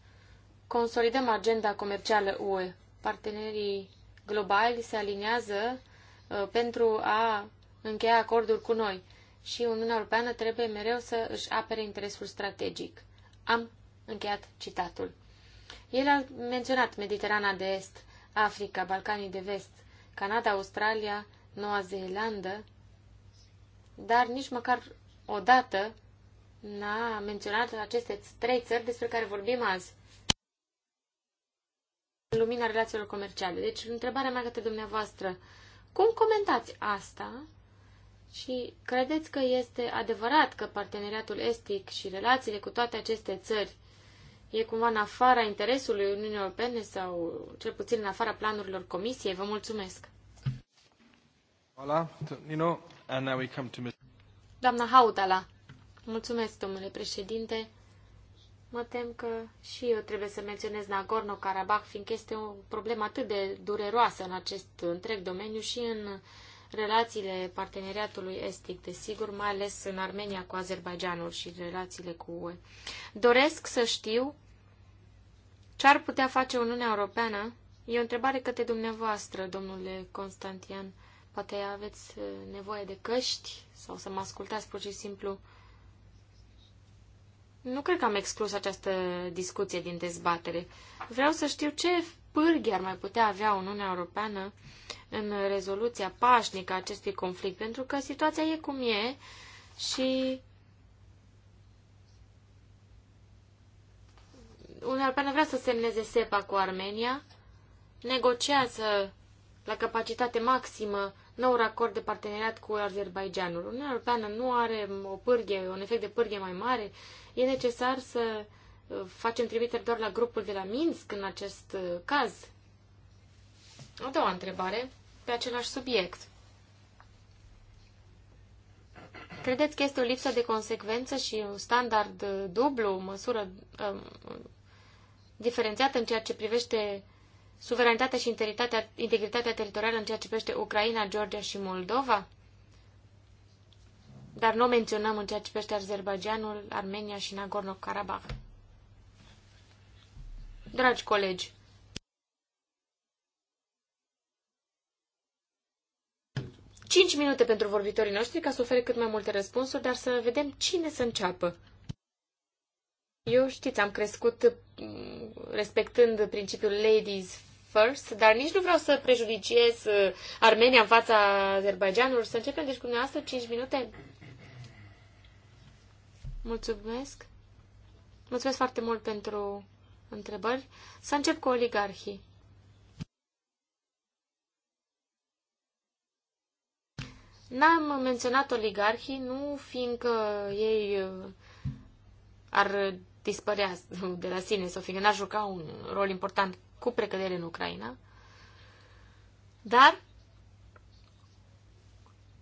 consolidăm agenda comercială UE. Partenerii globali se aliniază uh, pentru a încheia acorduri cu noi și Uniunea Europeană trebuie mereu să își apere interesul strategic. Am încheiat citatul. El a menționat Mediterana de Est, Africa, Balcanii de Vest, Canada, Australia, Noua Zeelandă, dar nici măcar odată n-a menționat aceste trei țări despre care vorbim azi în lumina relațiilor comerciale. Deci, întrebarea mea către dumneavoastră, cum comentați asta și credeți că este adevărat că parteneriatul estic și relațiile cu toate aceste țări e cumva în afara interesului Uniunii Europene sau cel puțin în afara planurilor Comisiei? Vă mulțumesc! Hola, Nino, and now we come to Doamna Hautala, mulțumesc, domnule președinte. Mă tem că și eu trebuie să menționez Nagorno-Karabakh, fiindcă este o problemă atât de dureroasă în acest întreg domeniu și în relațiile parteneriatului estic, desigur, mai ales în Armenia cu Azerbaijanul și relațiile cu UE. Doresc să știu ce ar putea face Uniunea Europeană. E o întrebare către dumneavoastră, domnule Constantian. Poate aveți nevoie de căști sau să mă ascultați pur și simplu nu cred că am exclus această discuție din dezbatere. Vreau să știu ce pârghi ar mai putea avea Uniunea Europeană în rezoluția pașnică a acestui conflict, pentru că situația e cum e și Uniunea Europeană vrea să semneze SEPA cu Armenia, negociază la capacitate maximă noul acord de parteneriat cu Azerbaijanul. Uniunea Europeană nu are o pârghie, un efect de pârghie mai mare. E necesar să uh, facem trimiteri doar la grupul de la Minsk în acest uh, caz. O doua întrebare pe același subiect. Credeți că este o lipsă de consecvență și un standard uh, dublu, măsură um, diferențiată în ceea ce privește suveranitatea și integritatea, teritorială în ceea ce privește Ucraina, Georgia și Moldova? Dar nu menționăm în ceea ce privește Azerbaijanul, Armenia și Nagorno-Karabakh. Dragi colegi, Cinci minute pentru vorbitorii noștri ca să ofere cât mai multe răspunsuri, dar să vedem cine să înceapă. Eu știți, am crescut mm, respectând principiul ladies first, dar nici nu vreau să prejudiciez uh, Armenia în fața Azerbaijanului. Să începem deci cu dumneavoastră 5 minute. Mulțumesc. Mulțumesc foarte mult pentru întrebări. Să încep cu oligarhii. N-am menționat oligarhii, nu fiindcă ei uh, ar dispărea de la sine sau fiindcă n-ar juca un rol important cu precădere în Ucraina, dar,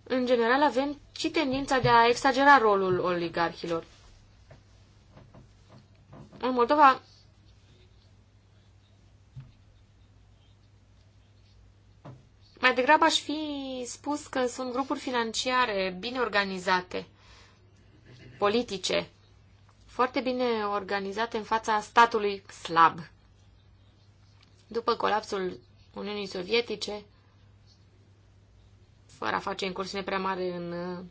în general, avem și tendința de a exagera rolul oligarhilor. În Moldova, Mai degrabă aș fi spus că sunt grupuri financiare bine organizate, politice, foarte bine organizate în fața statului slab. După colapsul Uniunii Sovietice, fără a face incursiune prea mare în uh,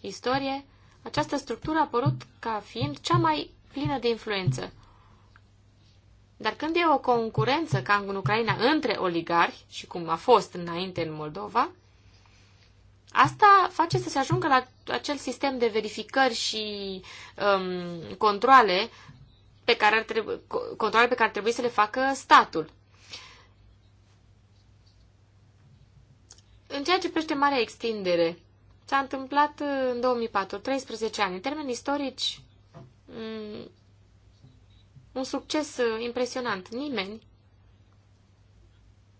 istorie, această structură a apărut ca fiind cea mai plină de influență. Dar când e o concurență, ca în Ucraina, între oligarhi, și cum a fost înainte în Moldova, asta face să se ajungă la acel sistem de verificări și um, controle pe care ar trebui, controle pe care ar trebui să le facă statul. În ceea ce pește marea extindere, s-a întâmplat uh, în 2004, 13 ani. În termeni istorici, mm, un succes uh, impresionant. Nimeni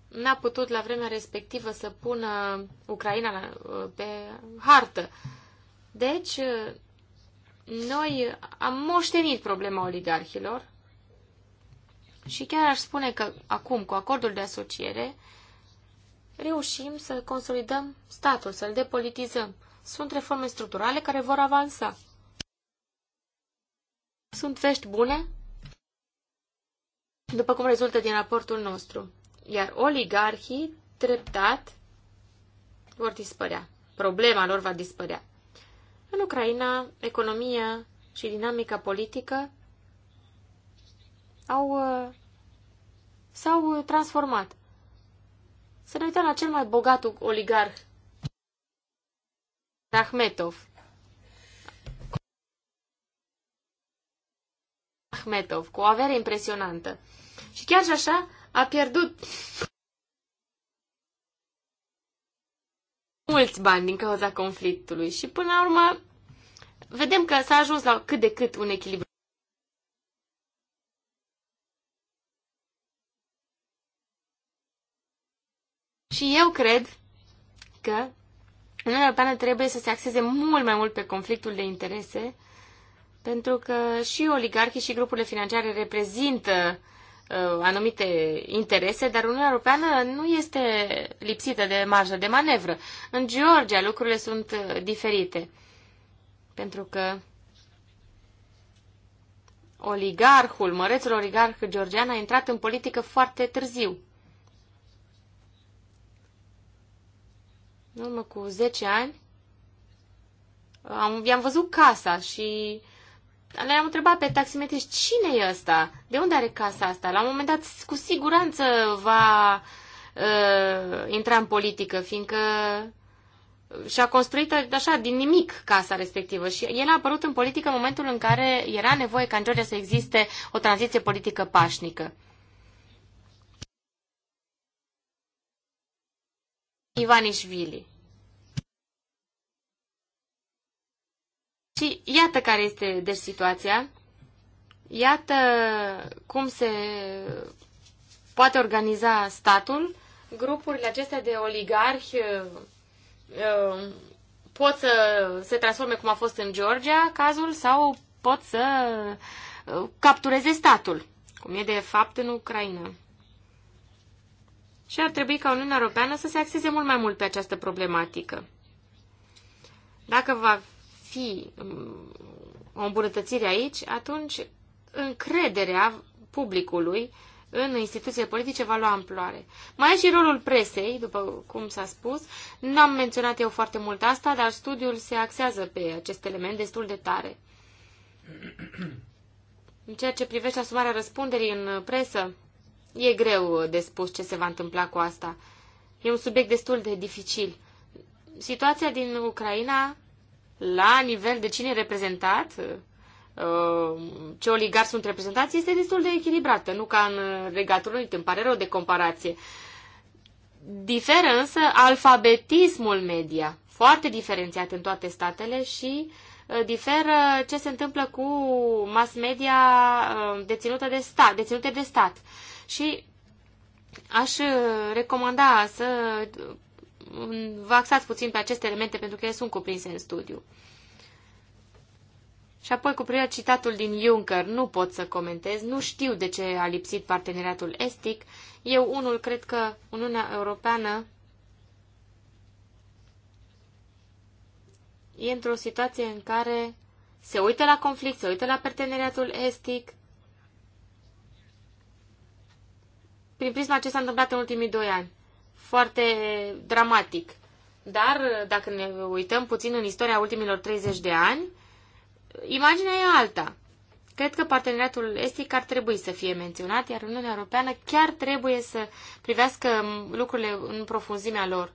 n-a putut la vremea respectivă să pună Ucraina uh, pe hartă. Deci, noi am moștenit problema oligarhilor și chiar aș spune că acum, cu acordul de asociere, reușim să consolidăm statul, să-l depolitizăm. Sunt reforme structurale care vor avansa. Sunt vești bune, după cum rezultă din raportul nostru, iar oligarhii, treptat, vor dispărea. Problema lor va dispărea. În Ucraina, economia și dinamica politică au, uh, s-au transformat. Se uita la cel mai bogat oligarh, Rahmetov. Rahmetov, cu o avere impresionantă. Și chiar și așa a pierdut mulți bani din cauza conflictului și până la urmă vedem că s-a ajuns la cât de cât un echilibru. Și eu cred că Uniunea Europeană trebuie să se axeze mult mai mult pe conflictul de interese, pentru că și oligarhii și grupurile financiare reprezintă uh, anumite interese, dar Uniunea Europeană nu este lipsită de marjă de manevră. În Georgia lucrurile sunt uh, diferite, pentru că oligarhul, mărețul oligarh georgian a intrat în politică foarte târziu. în urmă cu 10 ani, am, i-am văzut casa și le-am întrebat pe taximetriști cine e ăsta, de unde are casa asta. La un moment dat, cu siguranță va uh, intra în politică, fiindcă și-a construit așa, din nimic, casa respectivă. Și el a apărut în politică în momentul în care era nevoie ca în Georgia să existe o tranziție politică pașnică. Ivanișvili. Și iată care este deci situația. Iată cum se poate organiza statul. Grupurile acestea de oligarhi uh, uh, pot să se transforme cum a fost în Georgia cazul sau pot să uh, captureze statul, cum e de fapt în Ucraina și ar trebui ca Uniunea Europeană să se axeze mult mai mult pe această problematică. Dacă va fi um, o îmbunătățire aici, atunci încrederea publicului în instituțiile politice va lua amploare. Mai e și rolul presei, după cum s-a spus. Nu am menționat eu foarte mult asta, dar studiul se axează pe acest element destul de tare. În ceea ce privește asumarea răspunderii în presă, E greu de spus ce se va întâmpla cu asta. E un subiect destul de dificil. Situația din Ucraina, la nivel de cine e reprezentat, uh, ce oligari sunt reprezentați, este destul de echilibrată, nu ca în Regatul Unit, îmi pare rău de comparație. Diferă însă alfabetismul media, foarte diferențiat în toate statele și uh, diferă ce se întâmplă cu mass media uh, deținută de stat, deținute de stat. Și aș uh, recomanda să uh, vă axați puțin pe aceste elemente pentru că ele sunt cuprinse în studiu. Și apoi cu privire citatul din Juncker, nu pot să comentez, nu știu de ce a lipsit parteneriatul estic. Eu unul cred că Uniunea Europeană e într-o situație în care se uită la conflict, se uită la parteneriatul estic prin prisma ce s-a întâmplat în ultimii doi ani. Foarte dramatic. Dar dacă ne uităm puțin în istoria ultimilor 30 de ani, imaginea e alta. Cred că parteneriatul estic ar trebui să fie menționat, iar Uniunea Europeană chiar trebuie să privească lucrurile în profunzimea lor.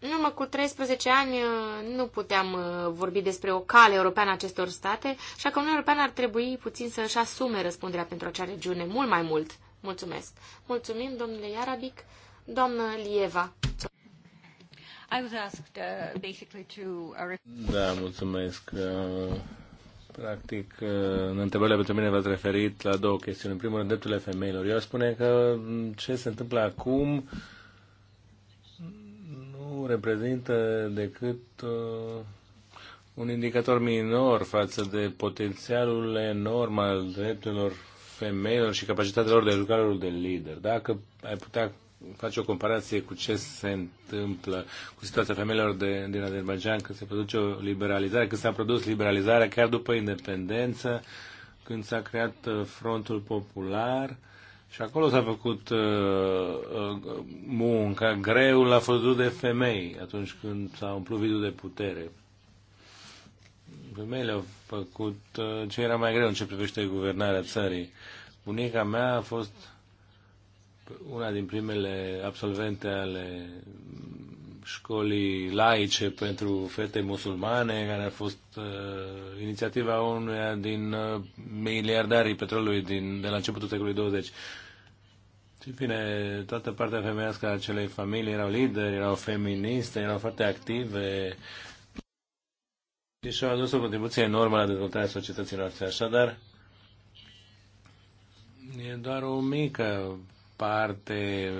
În urmă cu 13 ani uh, nu puteam uh, vorbi despre o cale europeană a acestor state, așa că Uniunea Europeană ar trebui puțin să își asume răspunderea pentru acea regiune mult mai mult. Mulțumesc. Mulțumim, domnule Iarabic. Doamnă Lieva. I was asked, uh, basically to... Uh, da, mulțumesc. Practic, în întrebările pentru mine v-ați referit la două chestiuni. În primul rând, drepturile femeilor. Eu aș spune că mm, ce se întâmplă acum reprezintă decât uh, un indicator minor față de potențialul enorm al drepturilor femeilor și capacitatea lor de juca rolul de lider. Dacă ai putea face o comparație cu ce se întâmplă cu situația femeilor de, din Azerbaijan când se produce o liberalizare, când s-a produs liberalizarea chiar după independență, când s-a creat uh, frontul popular, uh, și acolo s-a făcut uh, uh, munca, greul a fost de femei atunci când s-a umplut vidul de putere. Femeile au făcut uh, ce era mai greu în ce privește guvernarea țării. Bunica mea a fost una din primele absolvente ale școlii laice pentru fete musulmane, care a fost uh, inițiativa unuia din uh, miliardarii petrolului din, de la începutul secolului 20. Și, în fine, toată partea femeiască a acelei familii erau lideri, erau feministe, erau foarte active și și-au adus o contribuție enormă la dezvoltarea societății noastre. Așadar, e doar o mică parte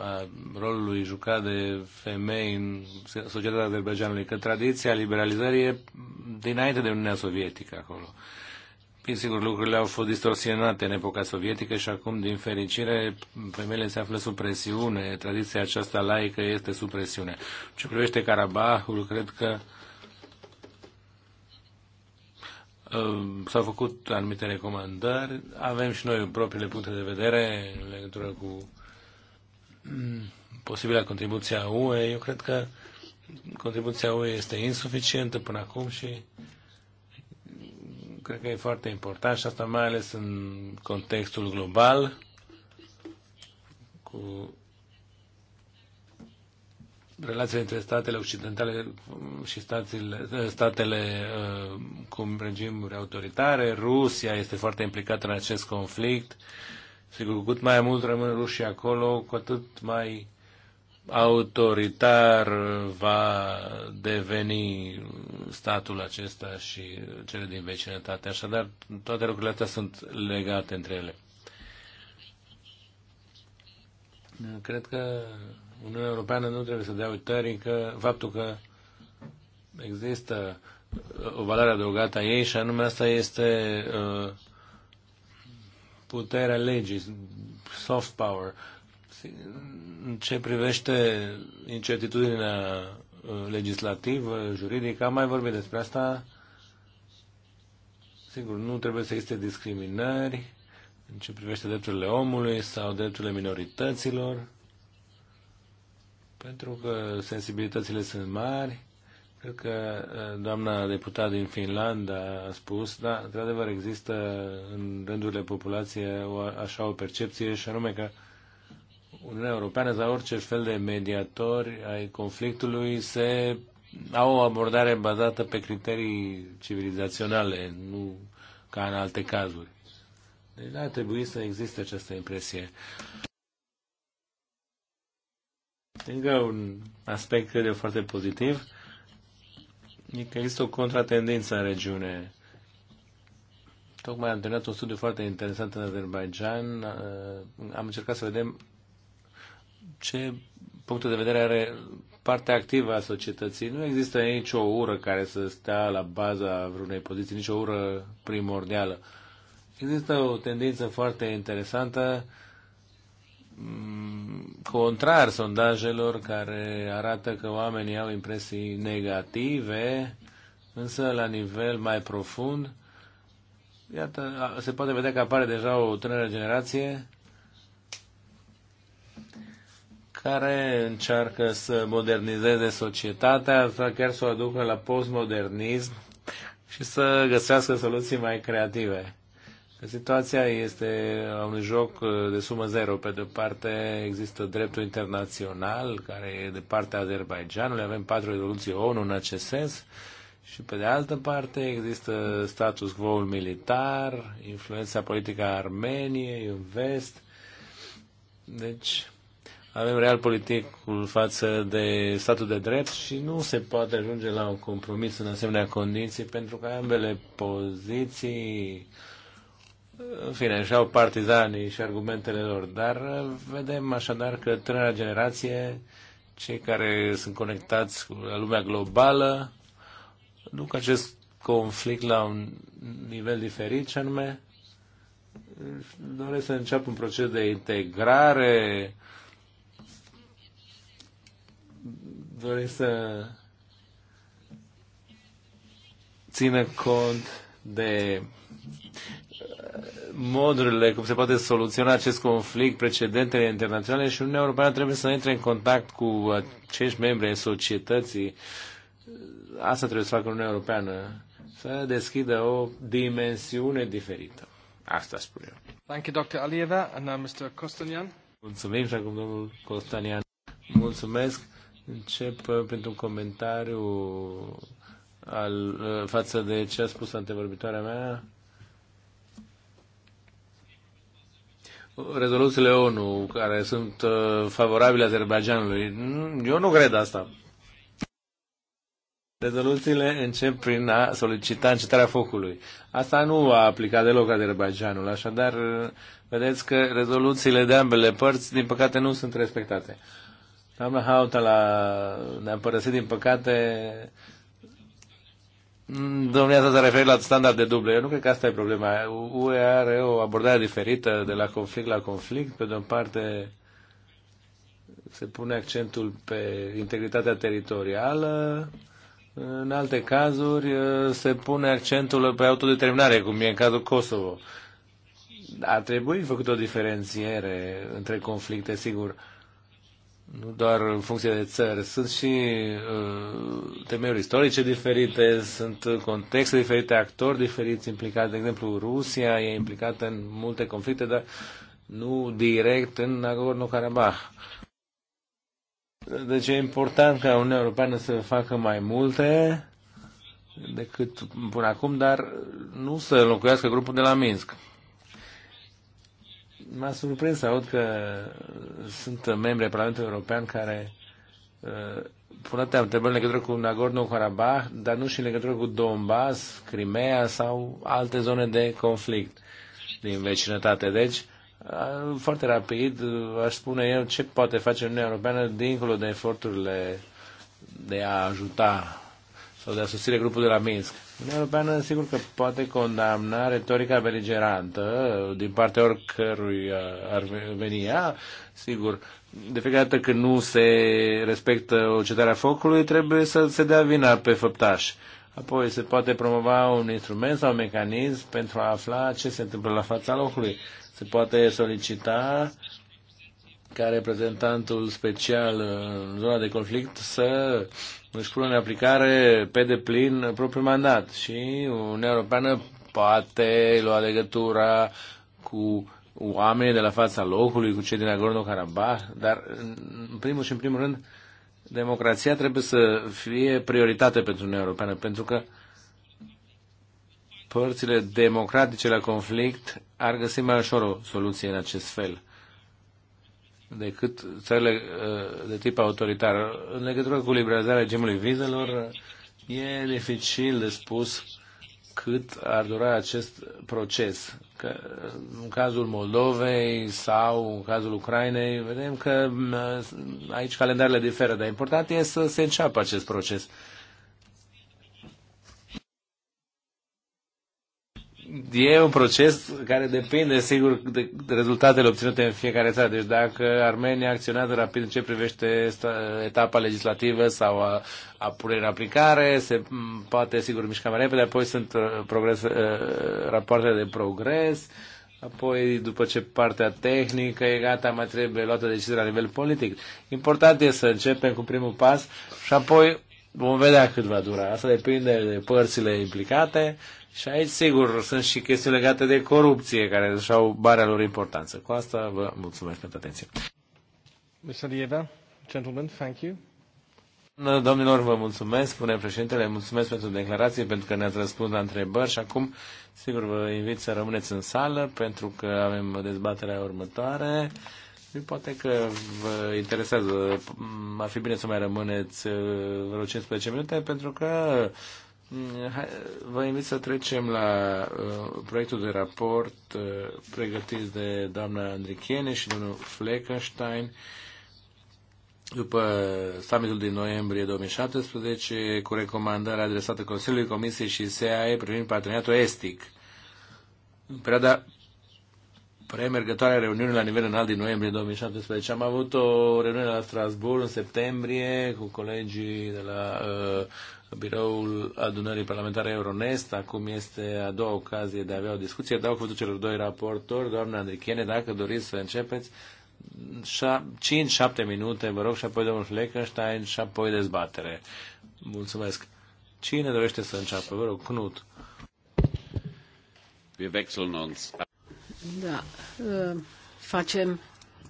a rolului jucat de femei în societatea Azerbaijanului, că tradiția liberalizării e dinainte de Uniunea Sovietică acolo. Bine, sigur, lucrurile au fost distorsionate în epoca sovietică și acum, din fericire, femeile se află sub presiune. Tradiția aceasta laică este sub presiune. Ce privește Carabahul, cred că s-au făcut anumite recomandări, avem și noi propriile puncte de vedere în legătură cu mm, posibilă contribuția UE. Eu cred că contribuția UE este insuficientă până acum și cred că e foarte important și asta mai ales în contextul global cu relațiile între statele occidentale și statele, statele uh, cu regimuri autoritare. Rusia este foarte implicată în acest conflict. Sigur, cu cât mai mult rămân rușii acolo, cu atât mai autoritar va deveni statul acesta și cele din vecinătate. Așadar, toate lucrurile astea sunt legate între ele. Cred că Uniunea Europeană nu trebuie să dea uitări că faptul că există uh, o valoare adăugată a ei și anume asta este uh, puterea legii, soft power. În ce privește incertitudinea uh, legislativă, juridică, am mai vorbit despre asta. Sigur, nu trebuie să existe discriminări în ce privește drepturile omului sau drepturile minorităților. Pentru că sensibilitățile sunt mari, cred că doamna deputată din Finlanda a spus, da, într-adevăr există în rândurile populației o, așa o percepție și anume că Uniunea Europeană sau orice fel de mediatori ai conflictului se au o abordare bazată pe criterii civilizaționale, nu ca în alte cazuri. Deci ar trebui să existe această impresie. Încă un aspect, cred eu, foarte pozitiv e că există o contratendință în regiune. Tocmai am terminat un studiu foarte interesant în Azerbaijan. Am încercat să vedem ce punct de vedere are partea activă a societății. Nu există nicio ură care să stea la baza vreunei poziții, nicio ură primordială. Există o tendință foarte interesantă Mm, contrar sondajelor care arată că oamenii au impresii negative, însă la nivel mai profund, iată, se poate vedea că apare deja o tânără generație care încearcă să modernizeze societatea, sau chiar să o aducă la postmodernism și să găsească soluții mai creative. Situația este a unui joc uh, de sumă zero. Pe de o parte există dreptul internațional, care e de partea Azerbaijanului, avem patru rezoluții ONU în acest sens, și pe de altă parte există status quo militar, influența politică a Armeniei în vest. Deci avem real politicul față de statul de drept și nu se poate ajunge la un compromis în asemenea condiții pentru că ambele poziții în fine, și au partizanii și argumentele lor, dar uh, vedem așadar că tânăra generație, cei care sunt conectați cu lumea globală, duc acest conflict la un nivel diferit, și anume doresc să înceapă un proces de integrare, doresc să țină cont de modurile cum se poate soluționa acest conflict, precedentele internaționale și Uniunea Europeană trebuie să intre în contact cu acești membri ai societății. Asta trebuie să facă Uniunea Europeană, să deschidă o dimensiune diferită. Asta spun eu. Thank you, Dr. Alieva, and now Mr. Costanian. Mulțumim și acum domnul Costanian. Mulțumesc. Încep uh, pentru un comentariu al, uh, față de ce a spus antevorbitoarea mea rezoluțiile ONU care sunt uh, favorabile Azerbaijanului. Mm, eu nu cred asta. Rezoluțiile încep prin a solicita încetarea focului. Asta nu a aplicat deloc Azerbaijanul, așadar uh, vedeți că rezoluțiile de ambele părți, din păcate, nu sunt respectate. Doamna Hautala ne-a părăsit, din păcate, Dumneavoastră s-a referit la standarde duble. Eu nu cred că asta e problema. UE are o abordare diferită de la conflict la conflict. Pe de-o parte se pune accentul pe integritatea teritorială, în alte cazuri se pune accentul pe autodeterminare, cum e în cazul Kosovo. Ar trebui făcut o diferențiere între conflicte, sigur nu doar în funcție de țări, sunt și uh, temeiuri istorice diferite, sunt contexte diferite, actori diferiți implicați. De exemplu, Rusia e implicată în multe conflicte, dar nu direct în Nagorno-Karabakh. Deci e important ca Uniunea Europeană să facă mai multe decât până acum, dar nu să înlocuiască grupul de la Minsk m-a surprins să aud că sunt membri ai Parlamentului European care uh, pun atâtea întrebări în legătură cu Nagorno-Karabakh, dar nu și în legătură cu Donbass, Crimea sau alte zone de conflict din vecinătate. Deci, uh, foarte rapid, uh, aș spune eu ce poate face Uniunea Europeană dincolo de eforturile de a ajuta sau de a susține grupul de la Minsk. Uniunea Europeană, sigur că poate condamna retorica beligerantă din partea oricărui uh, ar veni ea, sigur. De fiecare dată când nu se respectă o a focului, trebuie să se dea vina pe făptaș. Apoi se poate promova un instrument sau un mecanism pentru a afla ce se întâmplă la fața locului. Se poate solicita ca reprezentantul special în zona de conflict să uh, își pună în aplicare pe deplin propriul mandat și Uniunea Europeană poate lua legătura cu oamenii de la fața locului, cu cei din Nagorno-Karabakh, dar în primul și în primul rând democrația trebuie să fie prioritate pentru Uniunea Europeană, pentru că părțile democratice la conflict ar găsi mai ușor o soluție în acest fel decât țările uh, de tip autoritar. În legătură cu liberalizarea regimului vizelor, e dificil de spus cât ar dura acest proces. Că, uh, în cazul Moldovei sau în cazul Ucrainei, vedem că uh, aici calendarele diferă, dar important e să se înceapă acest proces. e un proces care depinde, sigur, de rezultatele obținute în fiecare țară. Deci dacă Armenia acționează rapid în ce privește etapa legislativă sau a, a pune în aplicare, se poate, sigur, mișca mai repede, apoi sunt uh, progres, uh, rapoarte de progres, apoi, după ce partea tehnică e gata, mai trebuie luată decizie la nivel politic. Important e să începem cu primul pas și apoi Vom vedea cât va dura. Asta depinde de părțile implicate și aici, sigur, sunt și chestiuni legate de corupție care își au barea lor importanță. Cu asta vă mulțumesc pentru atenție. Mr. Lieva, gentlemen, thank you. Domnilor, vă mulțumesc, spune președintele, mulțumesc pentru declarație, pentru că ne-ați răspuns la întrebări și acum, sigur, vă invit să rămâneți în sală pentru că avem dezbaterea următoare. Și poate că vă interesează, ar fi bine să mai rămâneți uh, vreo 15 minute, pentru că mm, Hai, vă invit să trecem la uh, proiectul de raport uh, pregătit de doamna Andrichiene și domnul Fleckenstein după summitul din noiembrie 2017 cu recomandarea adresată Consiliului Comisiei și SEAE privind parteneriatul estic în perioada premergătoarea reuniune la nivel înalt din noiembrie 2017. Am avut o reuniune la Strasbourg în septembrie cu colegii de la uh, biroul adunării parlamentare Euronest. Acum este a doua ocazie de a avea o discuție. Dau cuvântul celor doi raportori, doamna Andrichene, dacă doriți să începeți. 5-7 minute, vă rog, și apoi domnul Fleckenstein și apoi dezbatere. Mulțumesc. Cine dorește să înceapă? Vă rog, Knut. Wir wechseln uns. Da. Ă, facem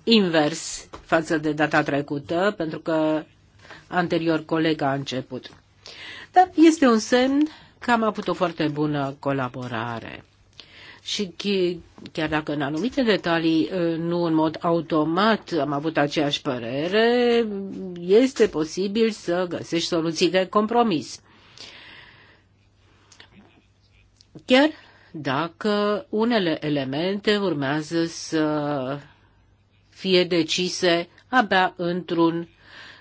invers față de data trecută, pentru că anterior colega a început. Dar este un semn că am avut o foarte bună colaborare. Și chiar dacă în anumite detalii, ă, nu în mod automat, am avut aceeași părere, este posibil să găsești soluții de compromis. Chiar dacă unele elemente urmează să fie decise abia într-un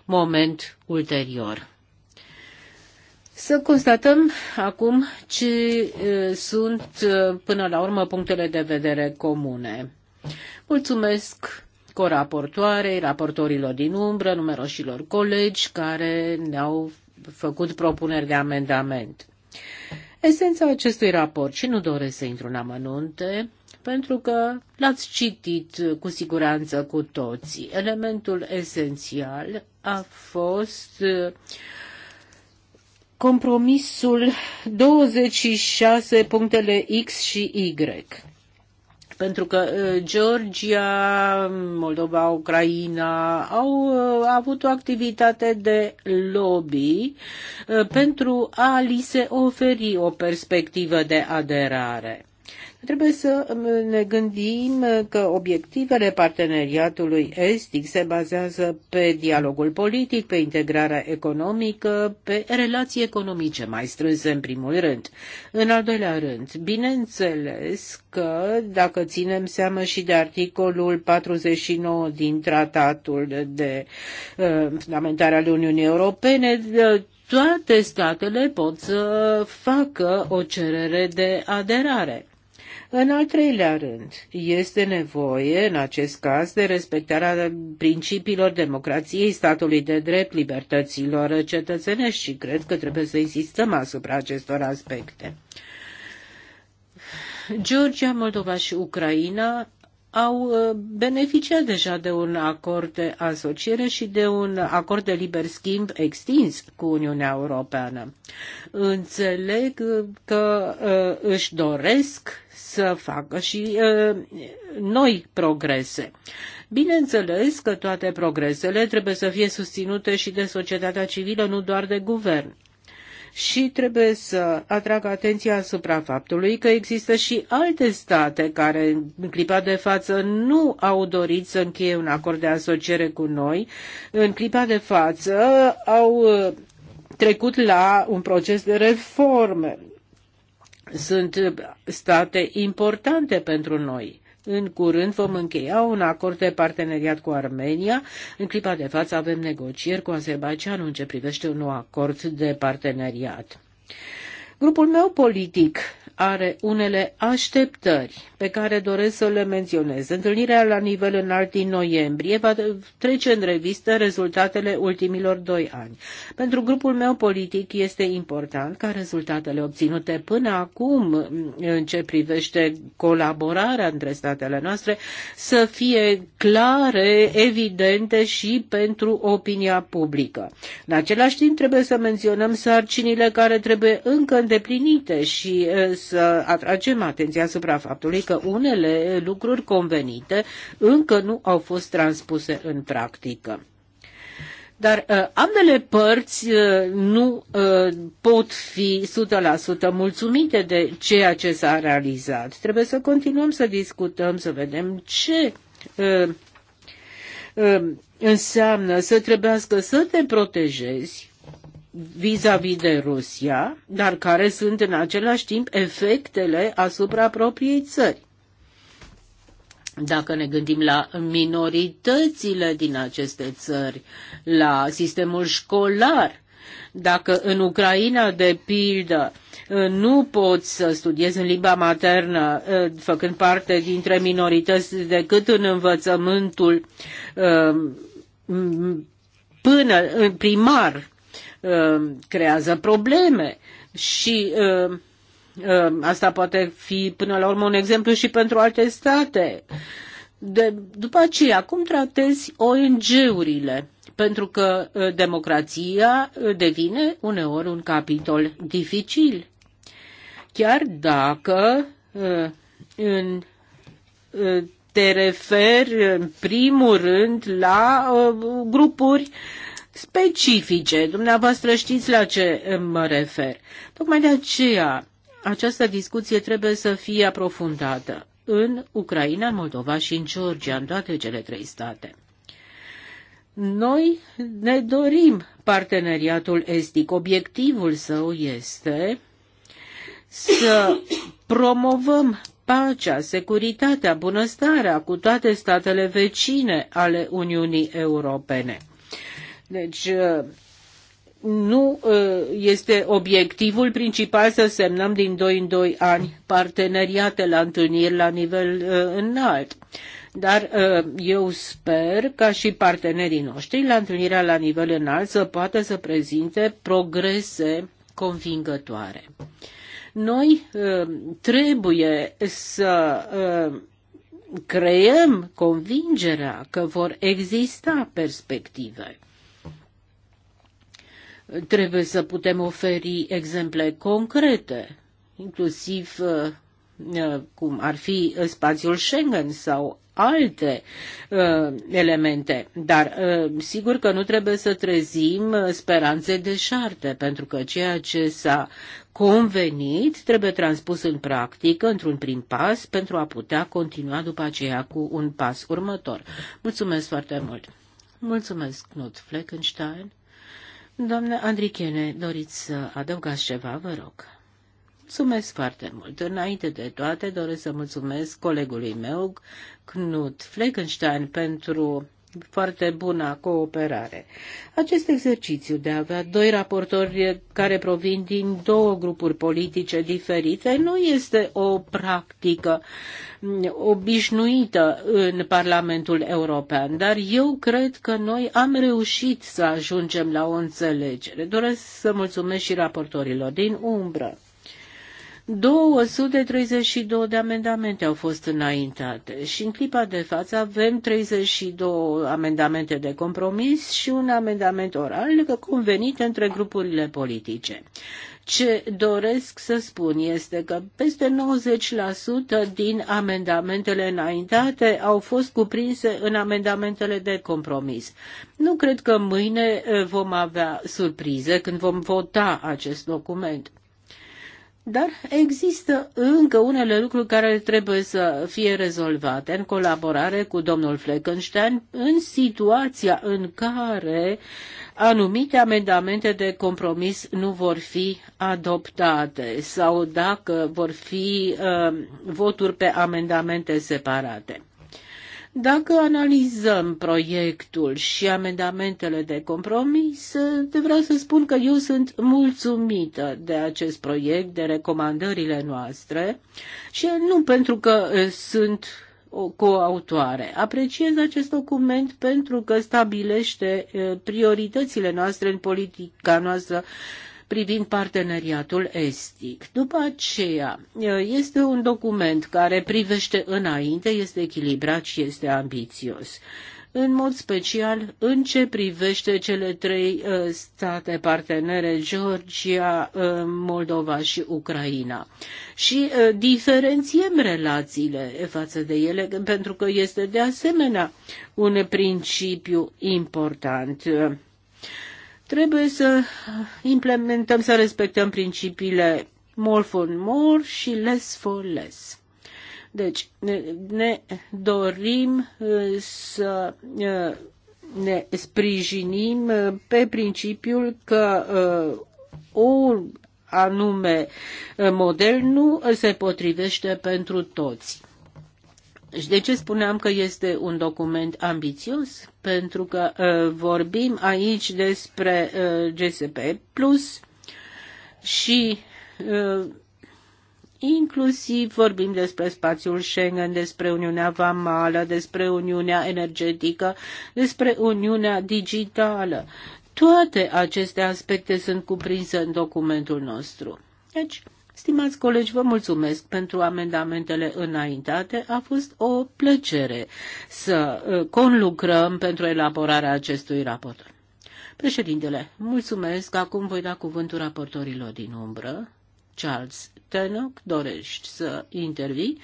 moment ulterior. Să constatăm acum ce sunt până la urmă punctele de vedere comune. Mulțumesc coraportoarei, raportorilor din umbră, numeroșilor colegi care ne-au făcut propuneri de amendament esența acestui raport și nu doresc să intru în amănunte, pentru că l-ați citit cu siguranță cu toții. Elementul esențial a fost uh, compromisul 26 punctele X și Y pentru că uh, Georgia, Moldova, Ucraina au uh, avut o activitate de lobby uh, pentru a li se oferi o perspectivă de aderare. Trebuie să um, ne gândim uh, că obiectivele parteneriatului estic se bazează pe dialogul politic, pe integrarea economică, pe relații economice mai strânse în primul rând. În al doilea rând, bineînțeles că dacă ținem seama și de articolul 49 din tratatul de uh, fundamentare al Uniunii Europene, uh, toate statele pot să facă o cerere de aderare. În al treilea rând, este nevoie, în acest caz, de respectarea principiilor democrației, statului de drept, libertăților cetățenești și cred că trebuie să insistăm asupra acestor aspecte. Georgia, Moldova și Ucraina au uh, beneficiat deja de un acord de asociere și de un acord de liber schimb extins cu Uniunea Europeană. Înțeleg uh, că uh, își doresc să facă și noi progrese. Bineînțeles că toate progresele trebuie să fie susținute și de societatea civilă, nu doar de guvern și trebuie să atrag atenția asupra faptului că există și alte state care în clipa de față nu au dorit să încheie un acord de asociere cu noi. În clipa de față au uh, trecut la un proces de reforme. Sunt state importante pentru noi. În curând vom încheia un acord de parteneriat cu Armenia. În clipa de față avem negocieri cu Azerbaijanul în ce privește un nou acord de parteneriat. Grupul meu politic are unele așteptări pe care doresc să le menționez. Întâlnirea la nivel înalt din noiembrie va trece în revistă rezultatele ultimilor doi ani. Pentru grupul meu politic este important ca rezultatele obținute până acum în ce privește colaborarea între statele noastre să fie clare, evidente și pentru opinia publică. În același timp trebuie să menționăm sarcinile care trebuie încă îndeplinite și eh, să atragem atenția asupra faptului că unele lucruri convenite încă nu au fost transpuse în practică. Dar uh, ambele părți uh, nu uh, pot fi 100% mulțumite de ceea ce s-a realizat. Trebuie să continuăm să discutăm, să vedem ce uh, uh, înseamnă să trebuiască să te protejezi vis-a-vis -vis de Rusia, dar care sunt în același timp efectele asupra propriei țări. Dacă ne gândim la minoritățile din aceste țări, la sistemul școlar, dacă în Ucraina, de pildă, nu poți să studiezi în limba maternă, ă, făcând parte dintre minorități, decât în învățământul ă, până în primar, Uh, creează probleme și uh, uh, asta poate fi până la urmă un exemplu și pentru alte state. De, după aceea, cum tratezi ONG-urile? Pentru că democrația devine uneori un capitol dificil. Chiar dacă în, te referi în primul rând la grupuri uh, specifice. Dumneavoastră știți la ce mă refer. Tocmai de aceea această discuție trebuie să fie aprofundată în Ucraina, în Moldova și în Georgia, în toate cele trei state. Noi ne dorim parteneriatul estic. Obiectivul său este să promovăm pacea, securitatea, bunăstarea cu toate statele vecine ale Uniunii Europene. Deci, uh, nu uh, este obiectivul principal să semnăm din doi în doi ani parteneriate la întâlniri la nivel uh, înalt. Dar eu sper ca și partenerii noștri la întâlnirea la nivel înalt să poată să prezinte progrese convingătoare. Noi trebuie să creăm convingerea că vor exista perspective Trebuie să putem oferi exemple concrete, inclusiv uh, uh, cum ar fi spațiul Schengen sau alte uh, elemente. Dar uh, sigur că nu trebuie să trezim speranțe deșarte, pentru că ceea ce s-a convenit trebuie transpus în practică într-un prim pas pentru a putea continua după aceea cu un pas următor. Mulțumesc foarte mult! Mulțumesc, Knut Fleckenstein! Doamna Andrichene, doriți să adăugați ceva, vă rog. Mulțumesc foarte mult. Înainte de toate, doresc să mulțumesc colegului meu, Knut Fleckenstein, pentru foarte bună cooperare. Acest exercițiu de a avea doi raportori care provin din două grupuri politice diferite nu este o practică obișnuită în Parlamentul European, dar eu cred că noi am reușit să ajungem la o înțelegere. Doresc să mulțumesc și raportorilor din umbră. 232 de amendamente au fost înaintate și în clipa de față avem 32 amendamente de compromis și un amendament oral convenit între grupurile politice. Ce doresc să spun este că peste 90% din amendamentele înaintate au fost cuprinse în amendamentele de compromis. Nu cred că mâine eh, vom avea surprize când vom vota acest document. Dar există încă unele lucruri care trebuie să fie rezolvate în colaborare cu domnul Fleckenstein în situația în care anumite amendamente de compromis nu vor fi adoptate sau dacă vor fi uh, voturi pe amendamente separate. Dacă analizăm proiectul și amendamentele de compromis, vreau să spun că eu sunt mulțumită de acest proiect, de recomandările noastre și nu pentru că sunt coautoare. Apreciez acest document pentru că stabilește prioritățile noastre în politica noastră privind parteneriatul estic. După aceea, este un document care privește înainte, este echilibrat și este ambițios în mod special în ce privește cele trei uh, state partenere, Georgia, uh, Moldova și Ucraina. Și uh, diferențiem relațiile față de ele, pentru că este de asemenea un principiu important. Trebuie să implementăm, să respectăm principiile more for more și less for less. Deci, ne, ne dorim uh, să uh, ne sprijinim uh, pe principiul că o anume model nu se potrivește pentru toți. De ce spuneam că este un document ambițios? Pentru că uh, vorbim aici despre uh, GSP Plus și uh, inclusiv vorbim despre spațiul Schengen, despre Uniunea Vamală, despre Uniunea Energetică, despre Uniunea Digitală. Toate aceste aspecte sunt cuprinse în documentul nostru. Deci, Stimați colegi, vă mulțumesc pentru amendamentele înaintate. A fost o plăcere să uh, conlucrăm pentru elaborarea acestui raport. Președintele, mulțumesc. Acum voi da cuvântul raportorilor din umbră. Charles Tenoch, dorești să intervii?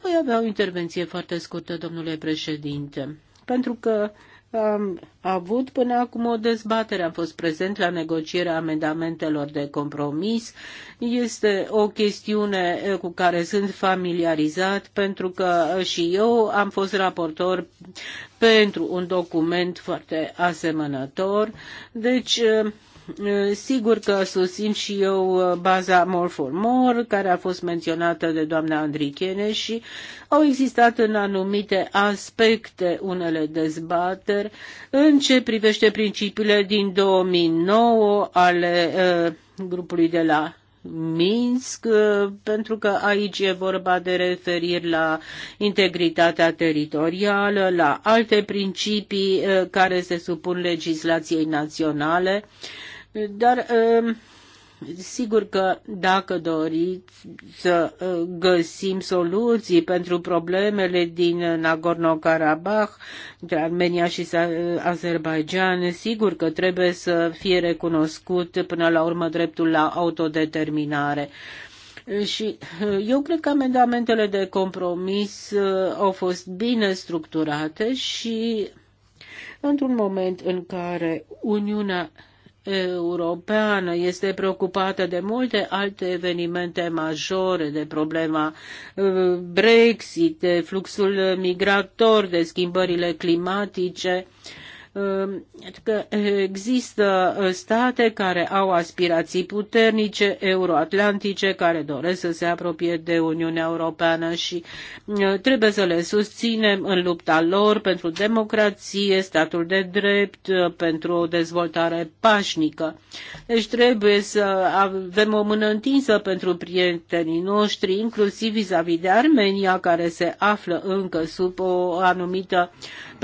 Voi avea o intervenție foarte scurtă, domnule președinte, pentru că am avut până acum o dezbatere, am fost prezent la negocierea amendamentelor de compromis. Este o chestiune eh, cu care sunt familiarizat pentru că eh, și eu am fost raportor pentru un document foarte asemănător. Deci, eh, Eh, sigur că susțin și eu eh, baza More for More, care a fost menționată de doamna Andrichene și au existat în anumite aspecte unele dezbateri în ce privește principiile din 2009 ale uh, grupului de la Minsk, pentru că aici e vorba de referiri la integritatea teritorială, la alte principii care se supun legislației naționale dar um, sigur că dacă doriți să uh, găsim soluții pentru problemele din Nagorno-Karabakh, între Armenia și uh, Azerbaijan, sigur că trebuie să fie recunoscut până la urmă dreptul la autodeterminare. Și uh, eu cred că amendamentele de compromis au fost bine structurate și într-un moment în care Uniunea europeană este preocupată de multe alte evenimente majore, de problema uh, Brexit, de fluxul migrator, de schimbările climatice Ehm, că există eh, state care au aspirații puternice, euroatlantice, care doresc să se apropie de Uniunea Europeană și eh, trebuie să le susținem în lupta lor pentru democrație, statul de drept, eh, pentru o dezvoltare pașnică. Deci trebuie să avem o mână întinsă pentru prietenii noștri, inclusiv vis-a-vis -vis de Armenia, care se află încă sub o anumită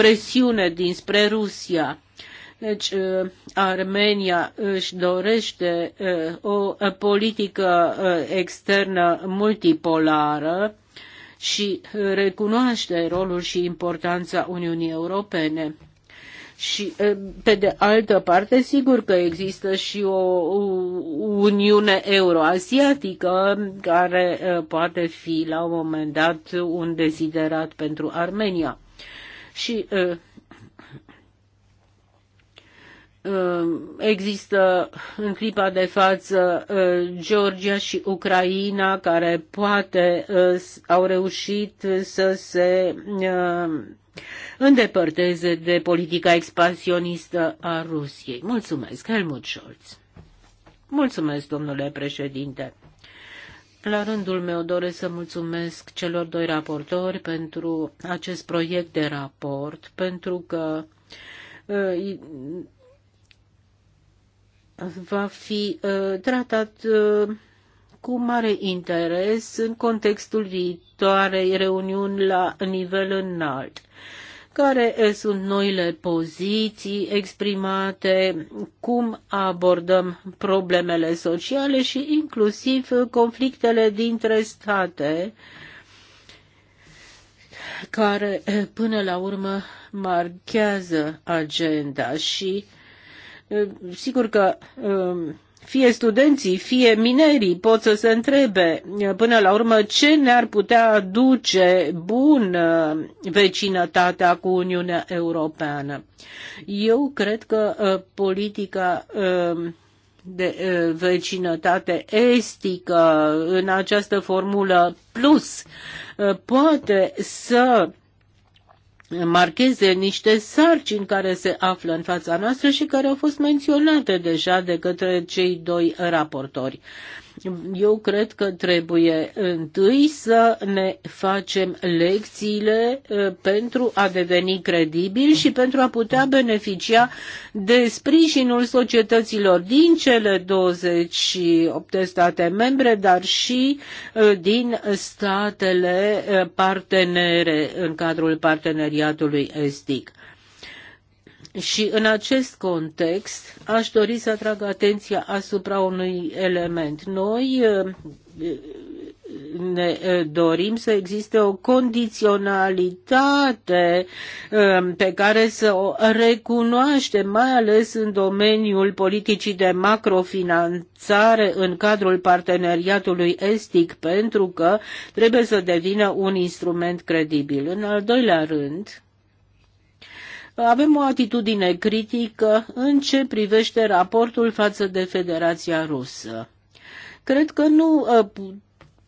presiune dinspre Rusia. Deci, uh, Armenia își dorește uh, o uh, politică externă multipolară și recunoaște rolul și importanța Uniunii Europene. Și, pe de altă parte, sigur că există și o Uniune Euroasiatică care poate fi la un moment dat un deziderat pentru Armenia și uh, uh, Există în clipa de față uh, Georgia și Ucraina care poate au reușit să se îndepărteze de politica expansionistă a Rusiei. Mulțumesc, Helmut Scholz. Mulțumesc, domnule președinte. La rândul meu doresc să mulțumesc celor doi raportori pentru acest proiect de raport, pentru că uh, va fi uh, tratat uh, cu mare interes în contextul viitoarei reuniuni la nivel înalt care sunt noile poziții exprimate, cum abordăm problemele sociale și inclusiv conflictele dintre state care până la urmă marchează agenda și sigur că fie studenții, fie minerii pot să se întrebe până la urmă ce ne-ar putea aduce bun uh, vecinătatea cu Uniunea Europeană. Eu cred că uh, politica uh, de vecinătate estică în această formulă plus poate să marcheze niște sarcini care se află în fața noastră și care au fost menționate deja de către cei doi raportori. Eu cred că trebuie întâi să ne facem lecțiile uh, pentru a deveni credibili și pentru a putea beneficia de sprijinul societăților din cele 28 de state membre, dar și uh, din statele uh, partenere în cadrul parteneriatului estic. Și în acest context aș dori să atrag atenția asupra unui element. Noi eh, ne eh, dorim să existe o condiționalitate eh, pe care să o recunoaștem, mai ales în domeniul politicii de macrofinanțare în cadrul parteneriatului estic, pentru că trebuie să devină un instrument credibil. În al doilea rând, avem o atitudine critică în ce privește raportul față de Federația Rusă. Cred că nu ă,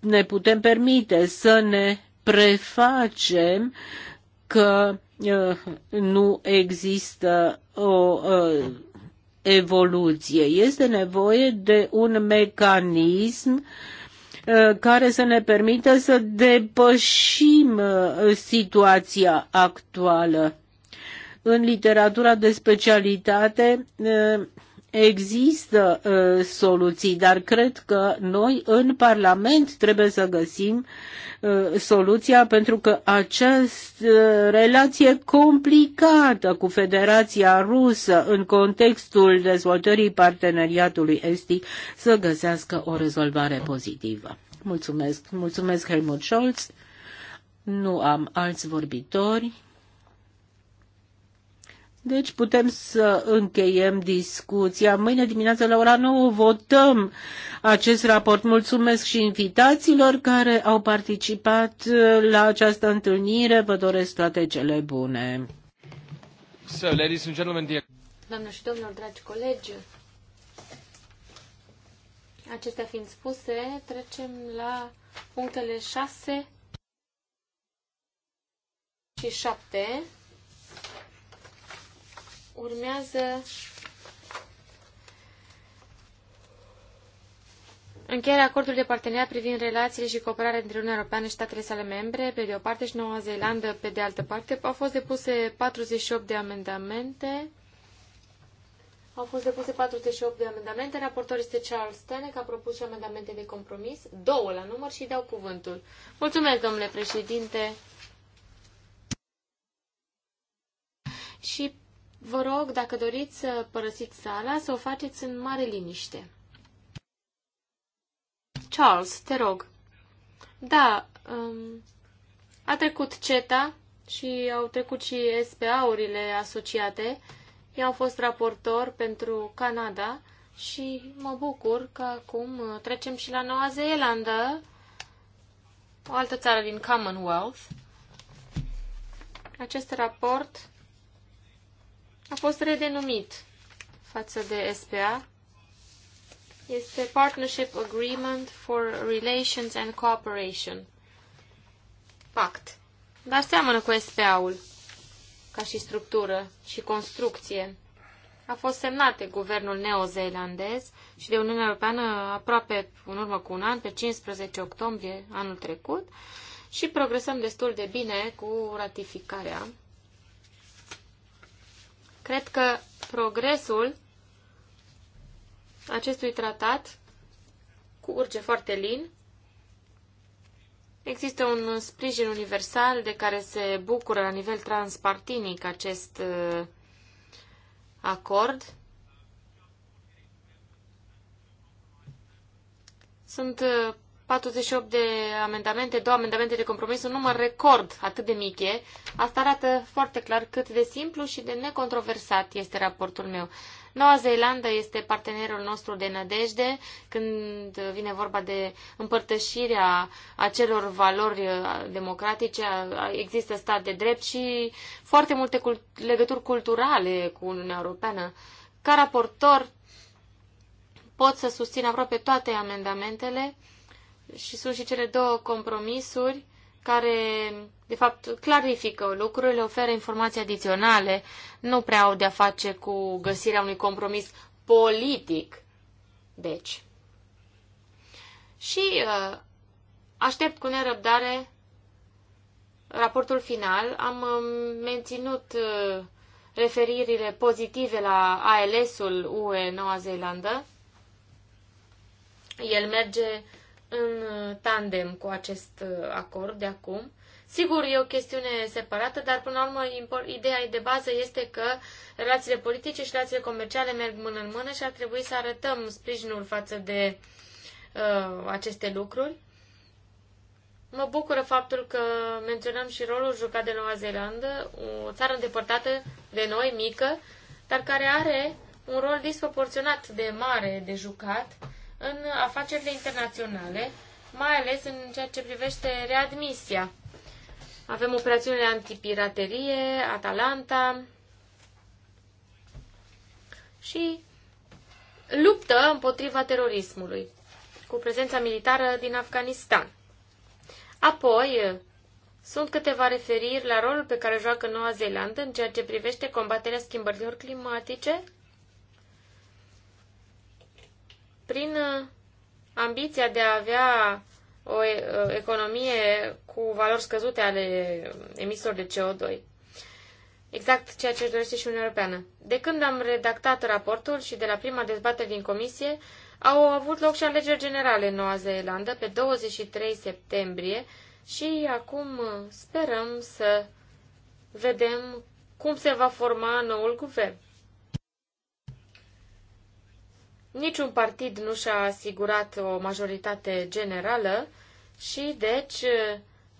ne putem permite să ne prefacem că ă, nu există o ă, evoluție. Este nevoie de un mecanism care să ne permită să depășim situația actuală în literatura de specialitate există soluții, dar cred că noi în Parlament trebuie să găsim soluția pentru că această relație complicată cu Federația Rusă în contextul dezvoltării parteneriatului estic să găsească o rezolvare pozitivă. Mulțumesc. Mulțumesc, Helmut Scholz. Nu am alți vorbitori. Deci putem să încheiem discuția. Mâine dimineața la ora 9 votăm acest raport. Mulțumesc și invitațiilor care au participat uh, la această întâlnire. Vă doresc toate cele bune. So, ladies and gentlemen, dear... Doamne și domnilor, dragi colegi, acestea fiind spuse, trecem la punctele 6 și 7 urmează Încheierea acordului de parteneriat privind relațiile și cooperarea dintre Uniunea Europeană și statele sale membre, pe de o parte, și Noua Zeelandă, pe de altă parte, au fost depuse 48 de amendamente. Au fost depuse 48 de amendamente. Raportor este Charles care a propus și amendamente de compromis, două la număr și dau cuvântul. Mulțumesc, domnule președinte. Și Vă rog, dacă doriți să părăsiți sala, să o faceți în mare liniște. Charles, te rog. Da, um, a trecut CETA și au trecut și SPA-urile asociate. Eu am fost raportor pentru Canada și mă bucur că acum trecem și la Noua Zeelandă, o altă țară din Commonwealth. Acest raport a fost redenumit față de SPA. Este Partnership Agreement for Relations and Cooperation. Pact. Dar seamănă cu SPA-ul, ca și structură și construcție. A fost semnat de guvernul neozeelandez și de Uniunea Europeană aproape în urmă cu un an, pe 15 octombrie anul trecut, și progresăm destul de bine cu ratificarea Cred că progresul acestui tratat curge foarte lin. Există un sprijin universal de care se bucură la nivel transpartinic acest uh, acord. Sunt uh, 48 de amendamente, două amendamente de compromis, un număr record atât de mic e. Asta arată foarte clar cât de simplu și de necontroversat este raportul meu. Noua Zeelandă este partenerul nostru de nădejde când vine vorba de împărtășirea acelor valori uh, democratice. Există stat de drept și foarte multe cult- legături culturale cu Uniunea Europeană. Ca raportor pot să susțin aproape toate amendamentele și sunt și cele două compromisuri care, de fapt, clarifică lucrurile, oferă informații adiționale, nu prea au de-a face cu găsirea unui compromis politic. Deci. Și uh, aștept cu nerăbdare raportul final. Am um, menținut uh, referirile pozitive la ALS-ul UE Noua Zeelandă. El merge în tandem cu acest uh, acord de acum. Sigur, e o chestiune separată, dar până la urmă ideea de bază este că relațiile politice și relațiile comerciale merg mână în mână și ar trebui să arătăm sprijinul față de uh, aceste lucruri. Mă bucură faptul că menționăm și rolul jucat de Noua Zeelandă, o țară îndepărtată de noi, mică, dar care are un rol disproporționat de mare de jucat în afacerile internaționale, mai ales în ceea ce privește readmisia. Avem operațiunile antipiraterie, Atalanta și luptă împotriva terorismului cu prezența militară din Afganistan. Apoi, sunt câteva referiri la rolul pe care joacă Noua Zeelandă în ceea ce privește combaterea schimbărilor climatice prin uh, ambiția de a avea o uh, economie cu valori scăzute ale emisiilor de CO2. Exact ceea ce își dorește și Uniunea Europeană. De când am redactat raportul și de la prima dezbatere din comisie, au avut loc și alegeri generale în Noua Zeelandă pe 23 septembrie și acum uh, sperăm să vedem cum se va forma noul guvern. Niciun partid nu și-a asigurat o majoritate generală și, deci,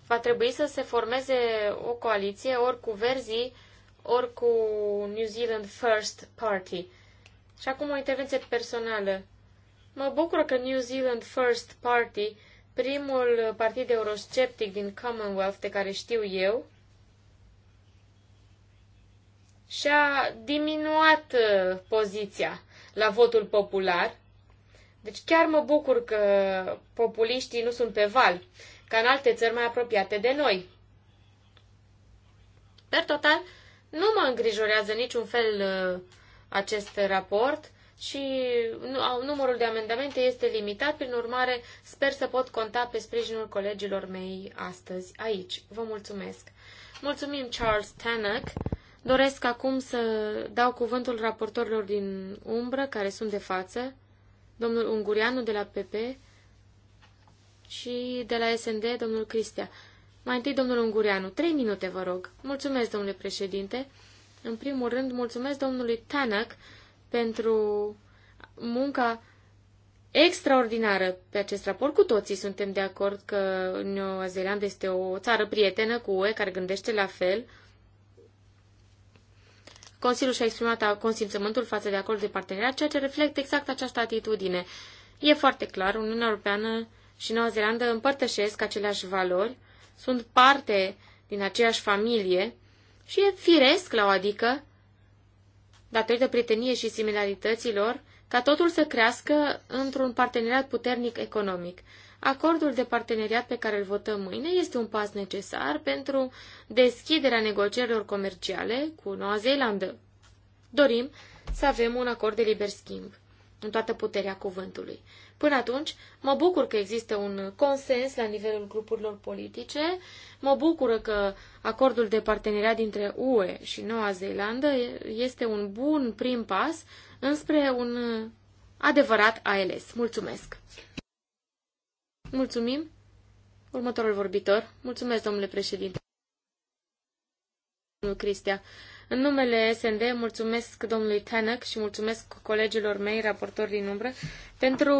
va trebui să se formeze o coaliție ori cu verzii, ori cu New Zealand First Party. Și acum o intervenție personală. Mă bucur că New Zealand First Party, primul partid eurosceptic din Commonwealth de care știu eu, și-a diminuat uh, poziția la votul popular. Deci chiar mă bucur că populiștii nu sunt pe val, ca în alte țări mai apropiate de noi. Per total, nu mă îngrijorează niciun fel uh, acest raport și numărul de amendamente este limitat, prin urmare sper să pot conta pe sprijinul colegilor mei astăzi aici. Vă mulțumesc! Mulțumim, Charles Tannock! Doresc acum să dau cuvântul raportorilor din umbră care sunt de față, domnul Ungureanu de la PP și de la SND, domnul Cristea. Mai întâi, domnul Ungureanu, trei minute, vă rog. Mulțumesc, domnule președinte. În primul rând, mulțumesc domnului Tanak pentru munca extraordinară pe acest raport. Cu toții suntem de acord că Noua Zeelandă este o țară prietenă cu UE care gândește la fel, Consiliul și-a exprimat consimțământul față de acordul de parteneriat, ceea ce reflectă exact această atitudine. E foarte clar, Uniunea Europeană și Noua Zeelandă împărtășesc aceleași valori, sunt parte din aceeași familie și e firesc la o adică, datorită prieteniei și similarităților, ca totul să crească într-un parteneriat puternic economic. Acordul de parteneriat pe care îl votăm mâine este un pas necesar pentru deschiderea negocierilor comerciale cu Noua Zeelandă. Dorim să avem un acord de liber schimb în toată puterea cuvântului. Până atunci, mă bucur că există un consens la nivelul grupurilor politice, mă bucură că acordul de parteneriat dintre UE și Noua Zeelandă este un bun prim pas înspre un adevărat ALS. Mulțumesc! Mulțumim. Următorul vorbitor. Mulțumesc, domnule președinte. Domnul Cristia. În numele SND mulțumesc domnului Tanăc și mulțumesc colegilor mei, raportori din umbră, pentru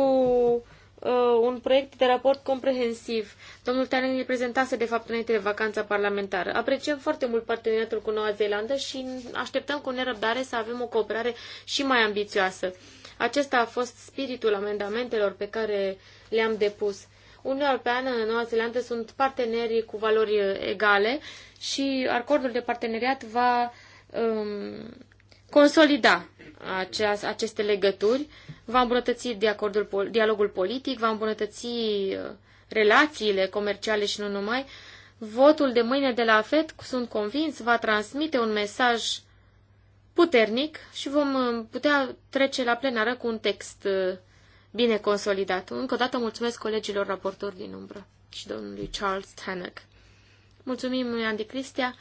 uh, un proiect de raport comprehensiv. Domnul Tanen îl prezentase, de fapt, înainte de vacanța parlamentară. Apreciem foarte mult parteneriatul cu Noua Zeelandă și așteptăm cu nerăbdare să avem o cooperare și mai ambițioasă. Acesta a fost spiritul amendamentelor pe care le-am depus. Uniunea Europeană, Noua Zeelandă sunt parteneri cu valori uh, egale și acordul de parteneriat va um, consolida aceste legături, va îmbunătăți acordul, dialogul politic, va îmbunătăți uh, relațiile comerciale și nu numai. Votul de mâine de la FED, sunt convins, va transmite un mesaj puternic și vom uh, putea trece la plenară cu un text bine consolidat. Încă o dată mulțumesc colegilor raportori din umbră și domnului Charles Tannock. Mulțumim, Andy Cristia.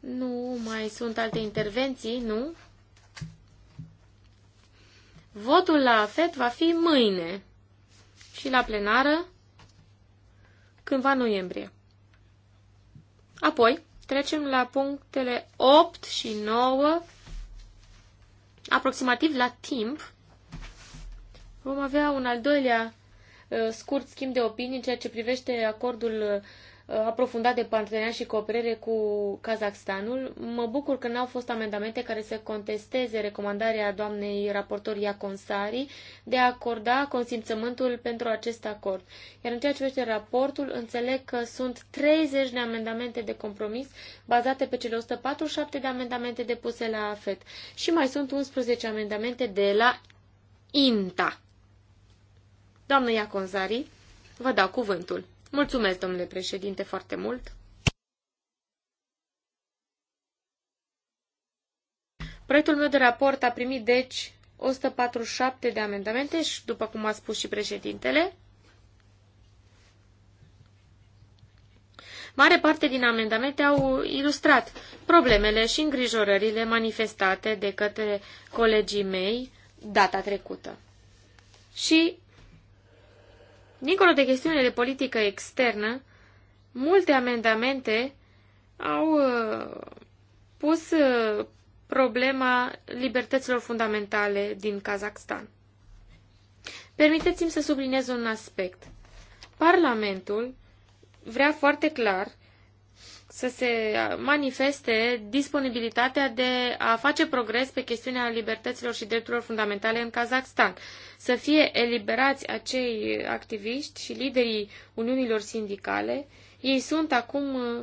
Nu mai sunt alte intervenții, nu? Votul la FED va fi mâine și la plenară cândva noiembrie. Apoi trecem la punctele 8 și 9, aproximativ la timp, Vom avea un al doilea uh, scurt schimb de opinii în ceea ce privește acordul uh, aprofundat de parteneriat și cooperare cu Kazakhstanul. Mă bucur că n-au fost amendamente care să contesteze recomandarea doamnei raportor Iaconsari de a acorda consimțământul pentru acest acord. Iar în ceea ce privește raportul, înțeleg că sunt 30 de amendamente de compromis bazate pe cele 147 de amendamente depuse la AFET și mai sunt 11 amendamente de la INTA. Doamnă Iaconzari, vă dau cuvântul. Mulțumesc, domnule președinte, foarte mult. Proiectul meu de raport a primit, deci, 147 de amendamente și, după cum a spus și președintele, Mare parte din amendamente au ilustrat problemele și îngrijorările manifestate de către colegii mei data trecută. Și Dincolo de chestiunile de politică externă, multe amendamente au uh, pus uh, problema libertăților fundamentale din Kazakhstan. Permiteți-mi să subliniez un aspect. Parlamentul vrea foarte clar să se manifeste disponibilitatea de a face progres pe chestiunea libertăților și drepturilor fundamentale în Kazakhstan, să fie eliberați acei activiști și liderii uniunilor sindicale, ei sunt acum uh,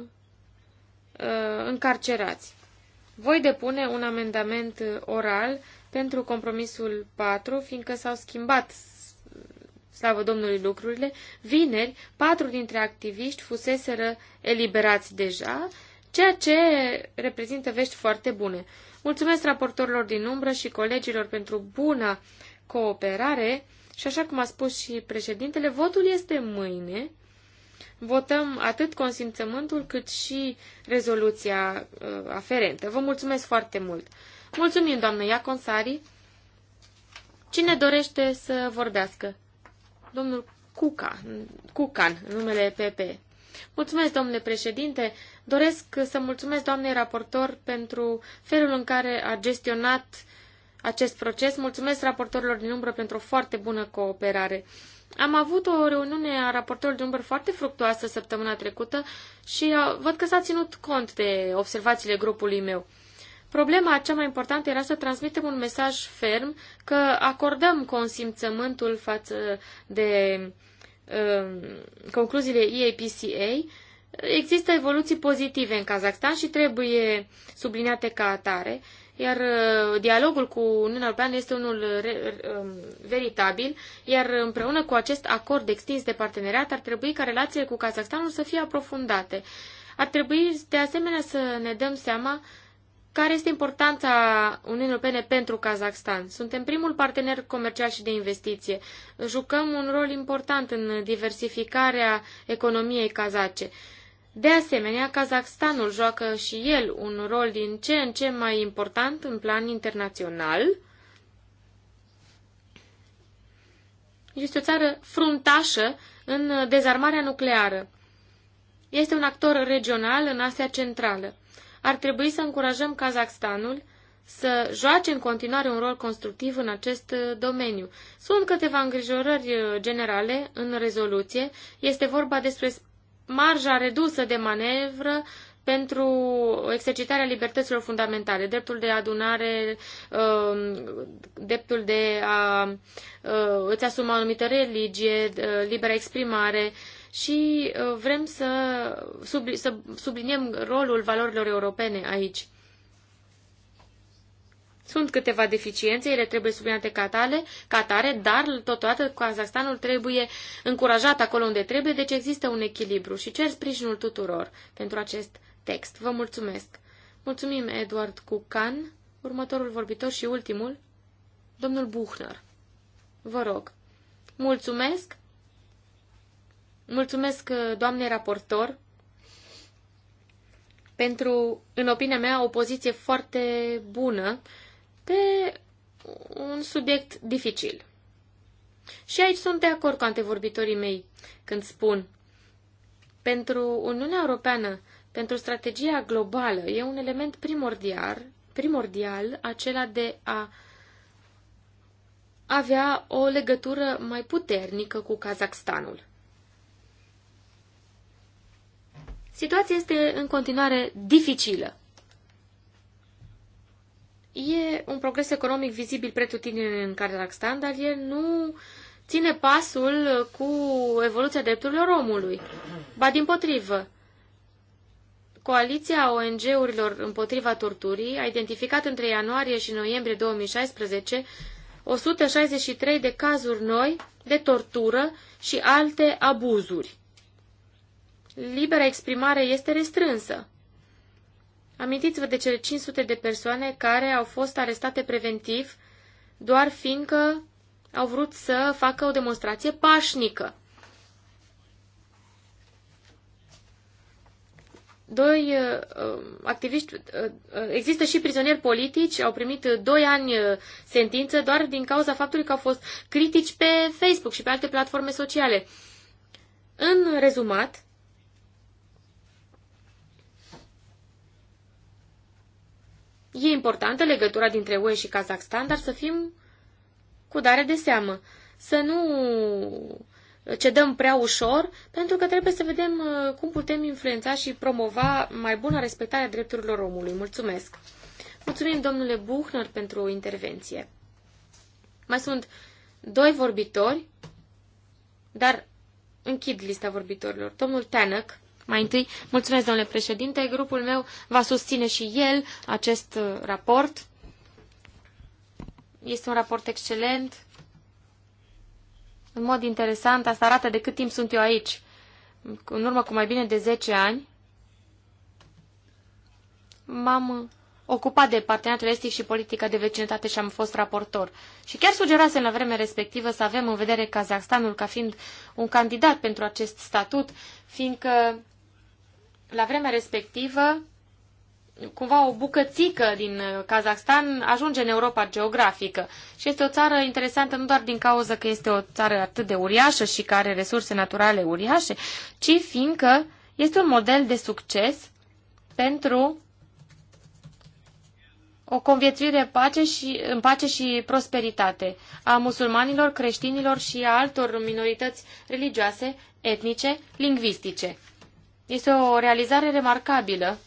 uh încarcerați. Voi depune un amendament uh, oral pentru compromisul 4, fiindcă s-au schimbat slavă Domnului lucrurile, vineri, patru dintre activiști fuseseră eliberați deja, ceea ce reprezintă vești foarte bune. Mulțumesc raportorilor din umbră și colegilor pentru bună cooperare și așa cum a spus și președintele, votul este mâine. Votăm atât consimțământul cât și rezoluția uh, aferentă. Vă mulțumesc foarte mult! Mulțumim, doamnă Iaconsari! Cine dorește să vorbească? domnul Cuca, Cucan, numele PP. Mulțumesc, domnule președinte. Doresc să mulțumesc doamnei raportor pentru felul în care a gestionat acest proces. Mulțumesc raportorilor din umbră pentru o foarte bună cooperare. Am avut o reuniune a raportorilor din umbră foarte fructuoasă săptămâna trecută și uh, văd că s-a ținut cont de observațiile grupului meu. Problema cea mai importantă era să transmitem un mesaj ferm că acordăm consimțământul față de uh, concluziile EAPCA. Există evoluții pozitive în Kazakhstan și trebuie subliniate ca atare, iar uh, dialogul cu Uniunea Europeană este unul uh, veritabil, iar împreună cu acest acord extins de parteneriat ar trebui ca relațiile cu Kazakhstanul să fie aprofundate. Ar trebui de asemenea să ne dăm seama care este importanța Uniunii Europene pentru Kazakhstan? Suntem primul partener comercial și de investiție. Jucăm un rol important în diversificarea economiei kazace. De asemenea, Kazakhstanul joacă și el un rol din ce în ce mai important în plan internațional. Este o țară fruntașă în dezarmarea nucleară. Este un actor regional în Asia Centrală ar trebui să încurajăm Kazakhstanul să joace în continuare un rol constructiv în acest uh, domeniu. Sunt câteva îngrijorări uh, generale în rezoluție. Este vorba despre marja redusă de manevră pentru exercitarea libertăților fundamentale, dreptul de adunare, um, dreptul de a uh, îți asuma o anumită religie, libera exprimare, și uh, vrem să, subli- să subliniem rolul valorilor europene aici. Sunt câteva deficiențe, ele trebuie subliniate ca, tale, ca tare, dar totodată Kazahstanul trebuie încurajat acolo unde trebuie, deci există un echilibru și cer sprijinul tuturor pentru acest text. Vă mulțumesc! Mulțumim, Edward Cucan, următorul vorbitor și ultimul, domnul Buchner. Vă rog, mulțumesc! Mulțumesc, uh, doamne raportor, pentru, în opinia mea, o poziție foarte bună pe un subiect dificil. Și aici sunt de acord cu antevorbitorii mei când spun pentru Uniunea Europeană, pentru strategia globală, e un element primordial, primordial acela de a avea o legătură mai puternică cu Kazakhstanul. Situația este în continuare dificilă. E un progres economic vizibil pretutindeni în Kazakhstan, dar el nu ține pasul cu evoluția drepturilor omului. Ba din potrivă, Coaliția ONG-urilor împotriva torturii a identificat între ianuarie și noiembrie 2016 163 de cazuri noi de tortură și alte abuzuri libera exprimare este restrânsă. Amintiți-vă de cele 500 de persoane care au fost arestate preventiv doar fiindcă au vrut să facă o demonstrație pașnică. Doi uh, uh activiști, uh, uh, există și prizonieri politici, au primit doi ani uh, sentință doar din cauza faptului că au fost critici pe Facebook și pe alte platforme sociale. În rezumat, E importantă legătura dintre UE și Kazakhstan, dar să fim cu dare de seamă. Să nu cedăm prea ușor, pentru că trebuie să vedem uh, cum putem influența și promova mai bună respectarea drepturilor omului. Mulțumesc! Mulțumim, domnule Buchner, pentru o intervenție. Mai sunt doi vorbitori, dar închid lista vorbitorilor. Domnul Tanăc mai întâi, mulțumesc, domnule președinte, grupul meu va susține și el acest uh, raport. Este un raport excelent. În mod interesant, asta arată de cât timp sunt eu aici. În urmă cu mai bine de 10 ani, m-am ocupat de parteneriatul estic și politica de vecinătate și am fost raportor. Și chiar sugerasem la vremea respectivă să avem în vedere Kazahstanul ca fiind un candidat pentru acest statut, fiindcă la vremea respectivă, cumva o bucățică din uh, Kazakhstan ajunge în Europa geografică și este o țară interesantă nu doar din cauza că este o țară atât de uriașă și care are resurse naturale uriașe, ci fiindcă este un model de succes pentru o conviețuire pace și, în pace și prosperitate a musulmanilor, creștinilor și a altor minorități religioase, etnice, lingvistice. Este o realizare remarcabilă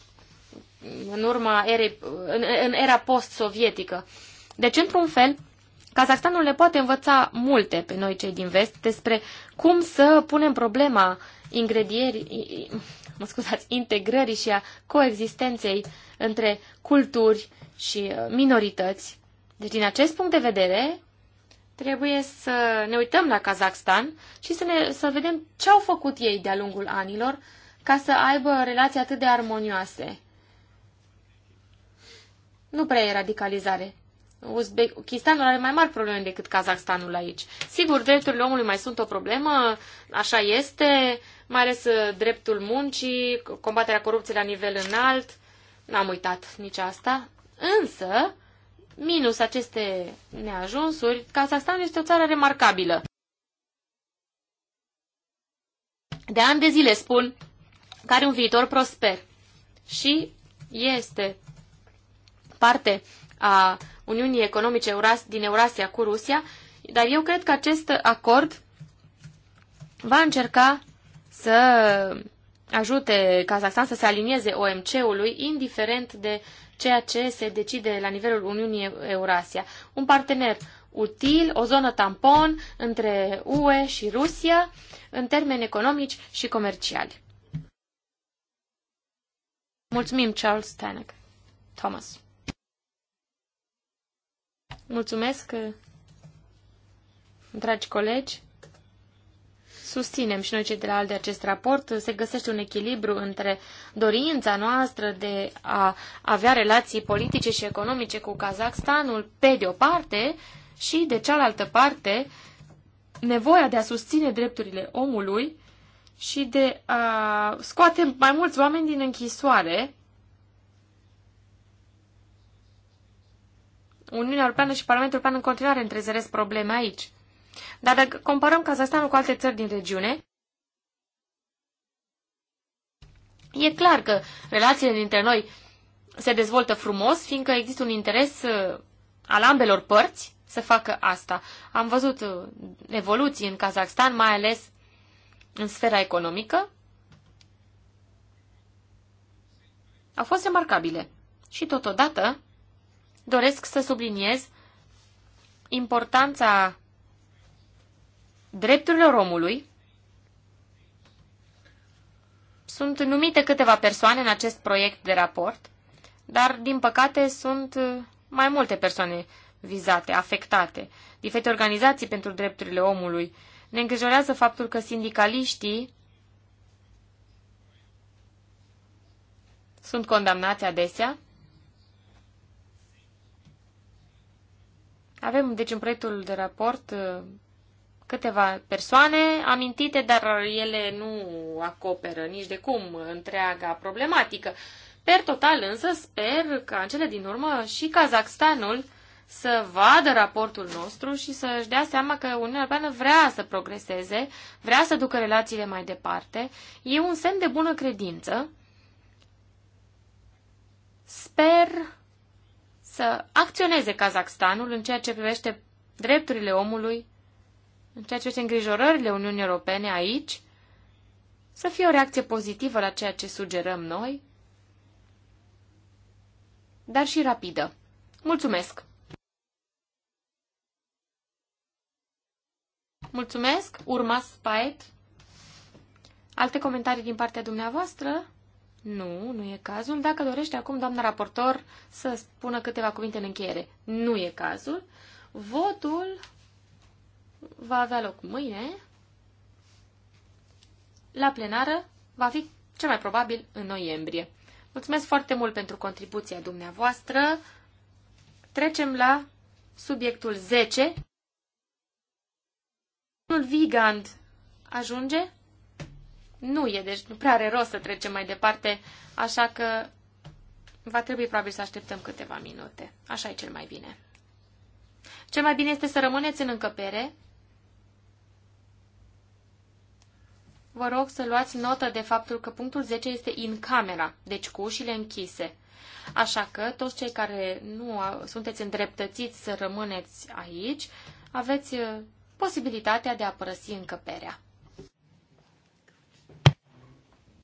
în, urma erei, în, în era post-sovietică. Deci, într-un fel, Kazahstanul ne poate învăța multe pe noi cei din vest despre cum să punem problema ingredierii, mă scuzați, integrării și a coexistenței între culturi și uh, minorități. Deci, din acest punct de vedere, trebuie să ne uităm la Kazakhstan și să, ne, să vedem ce au făcut ei de-a lungul anilor ca să aibă relații atât de armonioase. Nu prea e radicalizare. Uzbekistanul are mai mari probleme decât Kazakhstanul aici. Sigur, drepturile omului mai sunt o problemă, așa este, mai ales uh, dreptul muncii, combaterea corupției la nivel înalt. N-am uitat nici asta. Însă, minus aceste neajunsuri, Kazahstanul este o țară remarcabilă. De ani de zile spun care un viitor prosper. Și este parte a Uniunii Economice Euras din Eurasia cu Rusia, dar eu cred că acest acord va încerca să ajute Kazakhstan să se alinieze OMC-ului, indiferent de ceea ce se decide la nivelul Uniunii Eurasia. Un partener util, o zonă tampon între UE și Rusia în termeni economici și comerciali. Mulțumim, Charles Tanek, Thomas. Mulțumesc, dragi colegi. Susținem și noi cei de la ALDE acest raport. Se găsește un echilibru între dorința noastră de a avea relații politice și economice cu Kazakhstanul, pe de o parte, și de cealaltă parte, nevoia de a susține drepturile omului și de a scoate mai mulți oameni din închisoare, Uniunea Europeană și Parlamentul European în continuare întrezăresc probleme aici. Dar dacă comparăm Kazahstanul cu alte țări din regiune, e clar că relațiile dintre noi se dezvoltă frumos, fiindcă există un interes uh, al ambelor părți să facă asta. Am văzut uh, evoluții în Kazahstan, mai ales în sfera economică au fost remarcabile și totodată doresc să subliniez importanța drepturilor omului. Sunt numite câteva persoane în acest proiect de raport, dar, din păcate, sunt mai multe persoane vizate, afectate. Diferite organizații pentru drepturile omului ne îngrijorează faptul că sindicaliștii sunt condamnați adesea. Avem, deci, în proiectul de raport uh, câteva persoane amintite, dar ele nu acoperă nici de cum întreaga problematică. Per total, însă, sper că în cele din urmă și Kazakhstanul să vadă raportul nostru și să-și dea seama că Uniunea Europeană vrea să progreseze, vrea să ducă relațiile mai departe. E un semn de bună credință. Sper să acționeze Kazakhstanul în ceea ce privește drepturile omului, în ceea ce privește îngrijorările Uniunii Europene aici, să fie o reacție pozitivă la ceea ce sugerăm noi, dar și rapidă. Mulțumesc! Mulțumesc. Urma Spite. Alte comentarii din partea dumneavoastră? Nu, nu e cazul. Dacă dorește acum, doamna raportor, să spună câteva cuvinte în încheiere. Nu e cazul. Votul va avea loc mâine. La plenară va fi cel mai probabil în noiembrie. Mulțumesc foarte mult pentru contribuția dumneavoastră. Trecem la subiectul 10. Domnul Vigand ajunge? Nu e, deci nu prea are rost să trecem mai departe, așa că va trebui probabil să așteptăm câteva minute. Așa e cel mai bine. Cel mai bine este să rămâneți în încăpere. Vă rog să luați notă de faptul că punctul 10 este în camera, deci cu ușile închise. Așa că toți cei care nu sunteți îndreptățiți să rămâneți aici, aveți posibilitatea de a părăsi încăperea.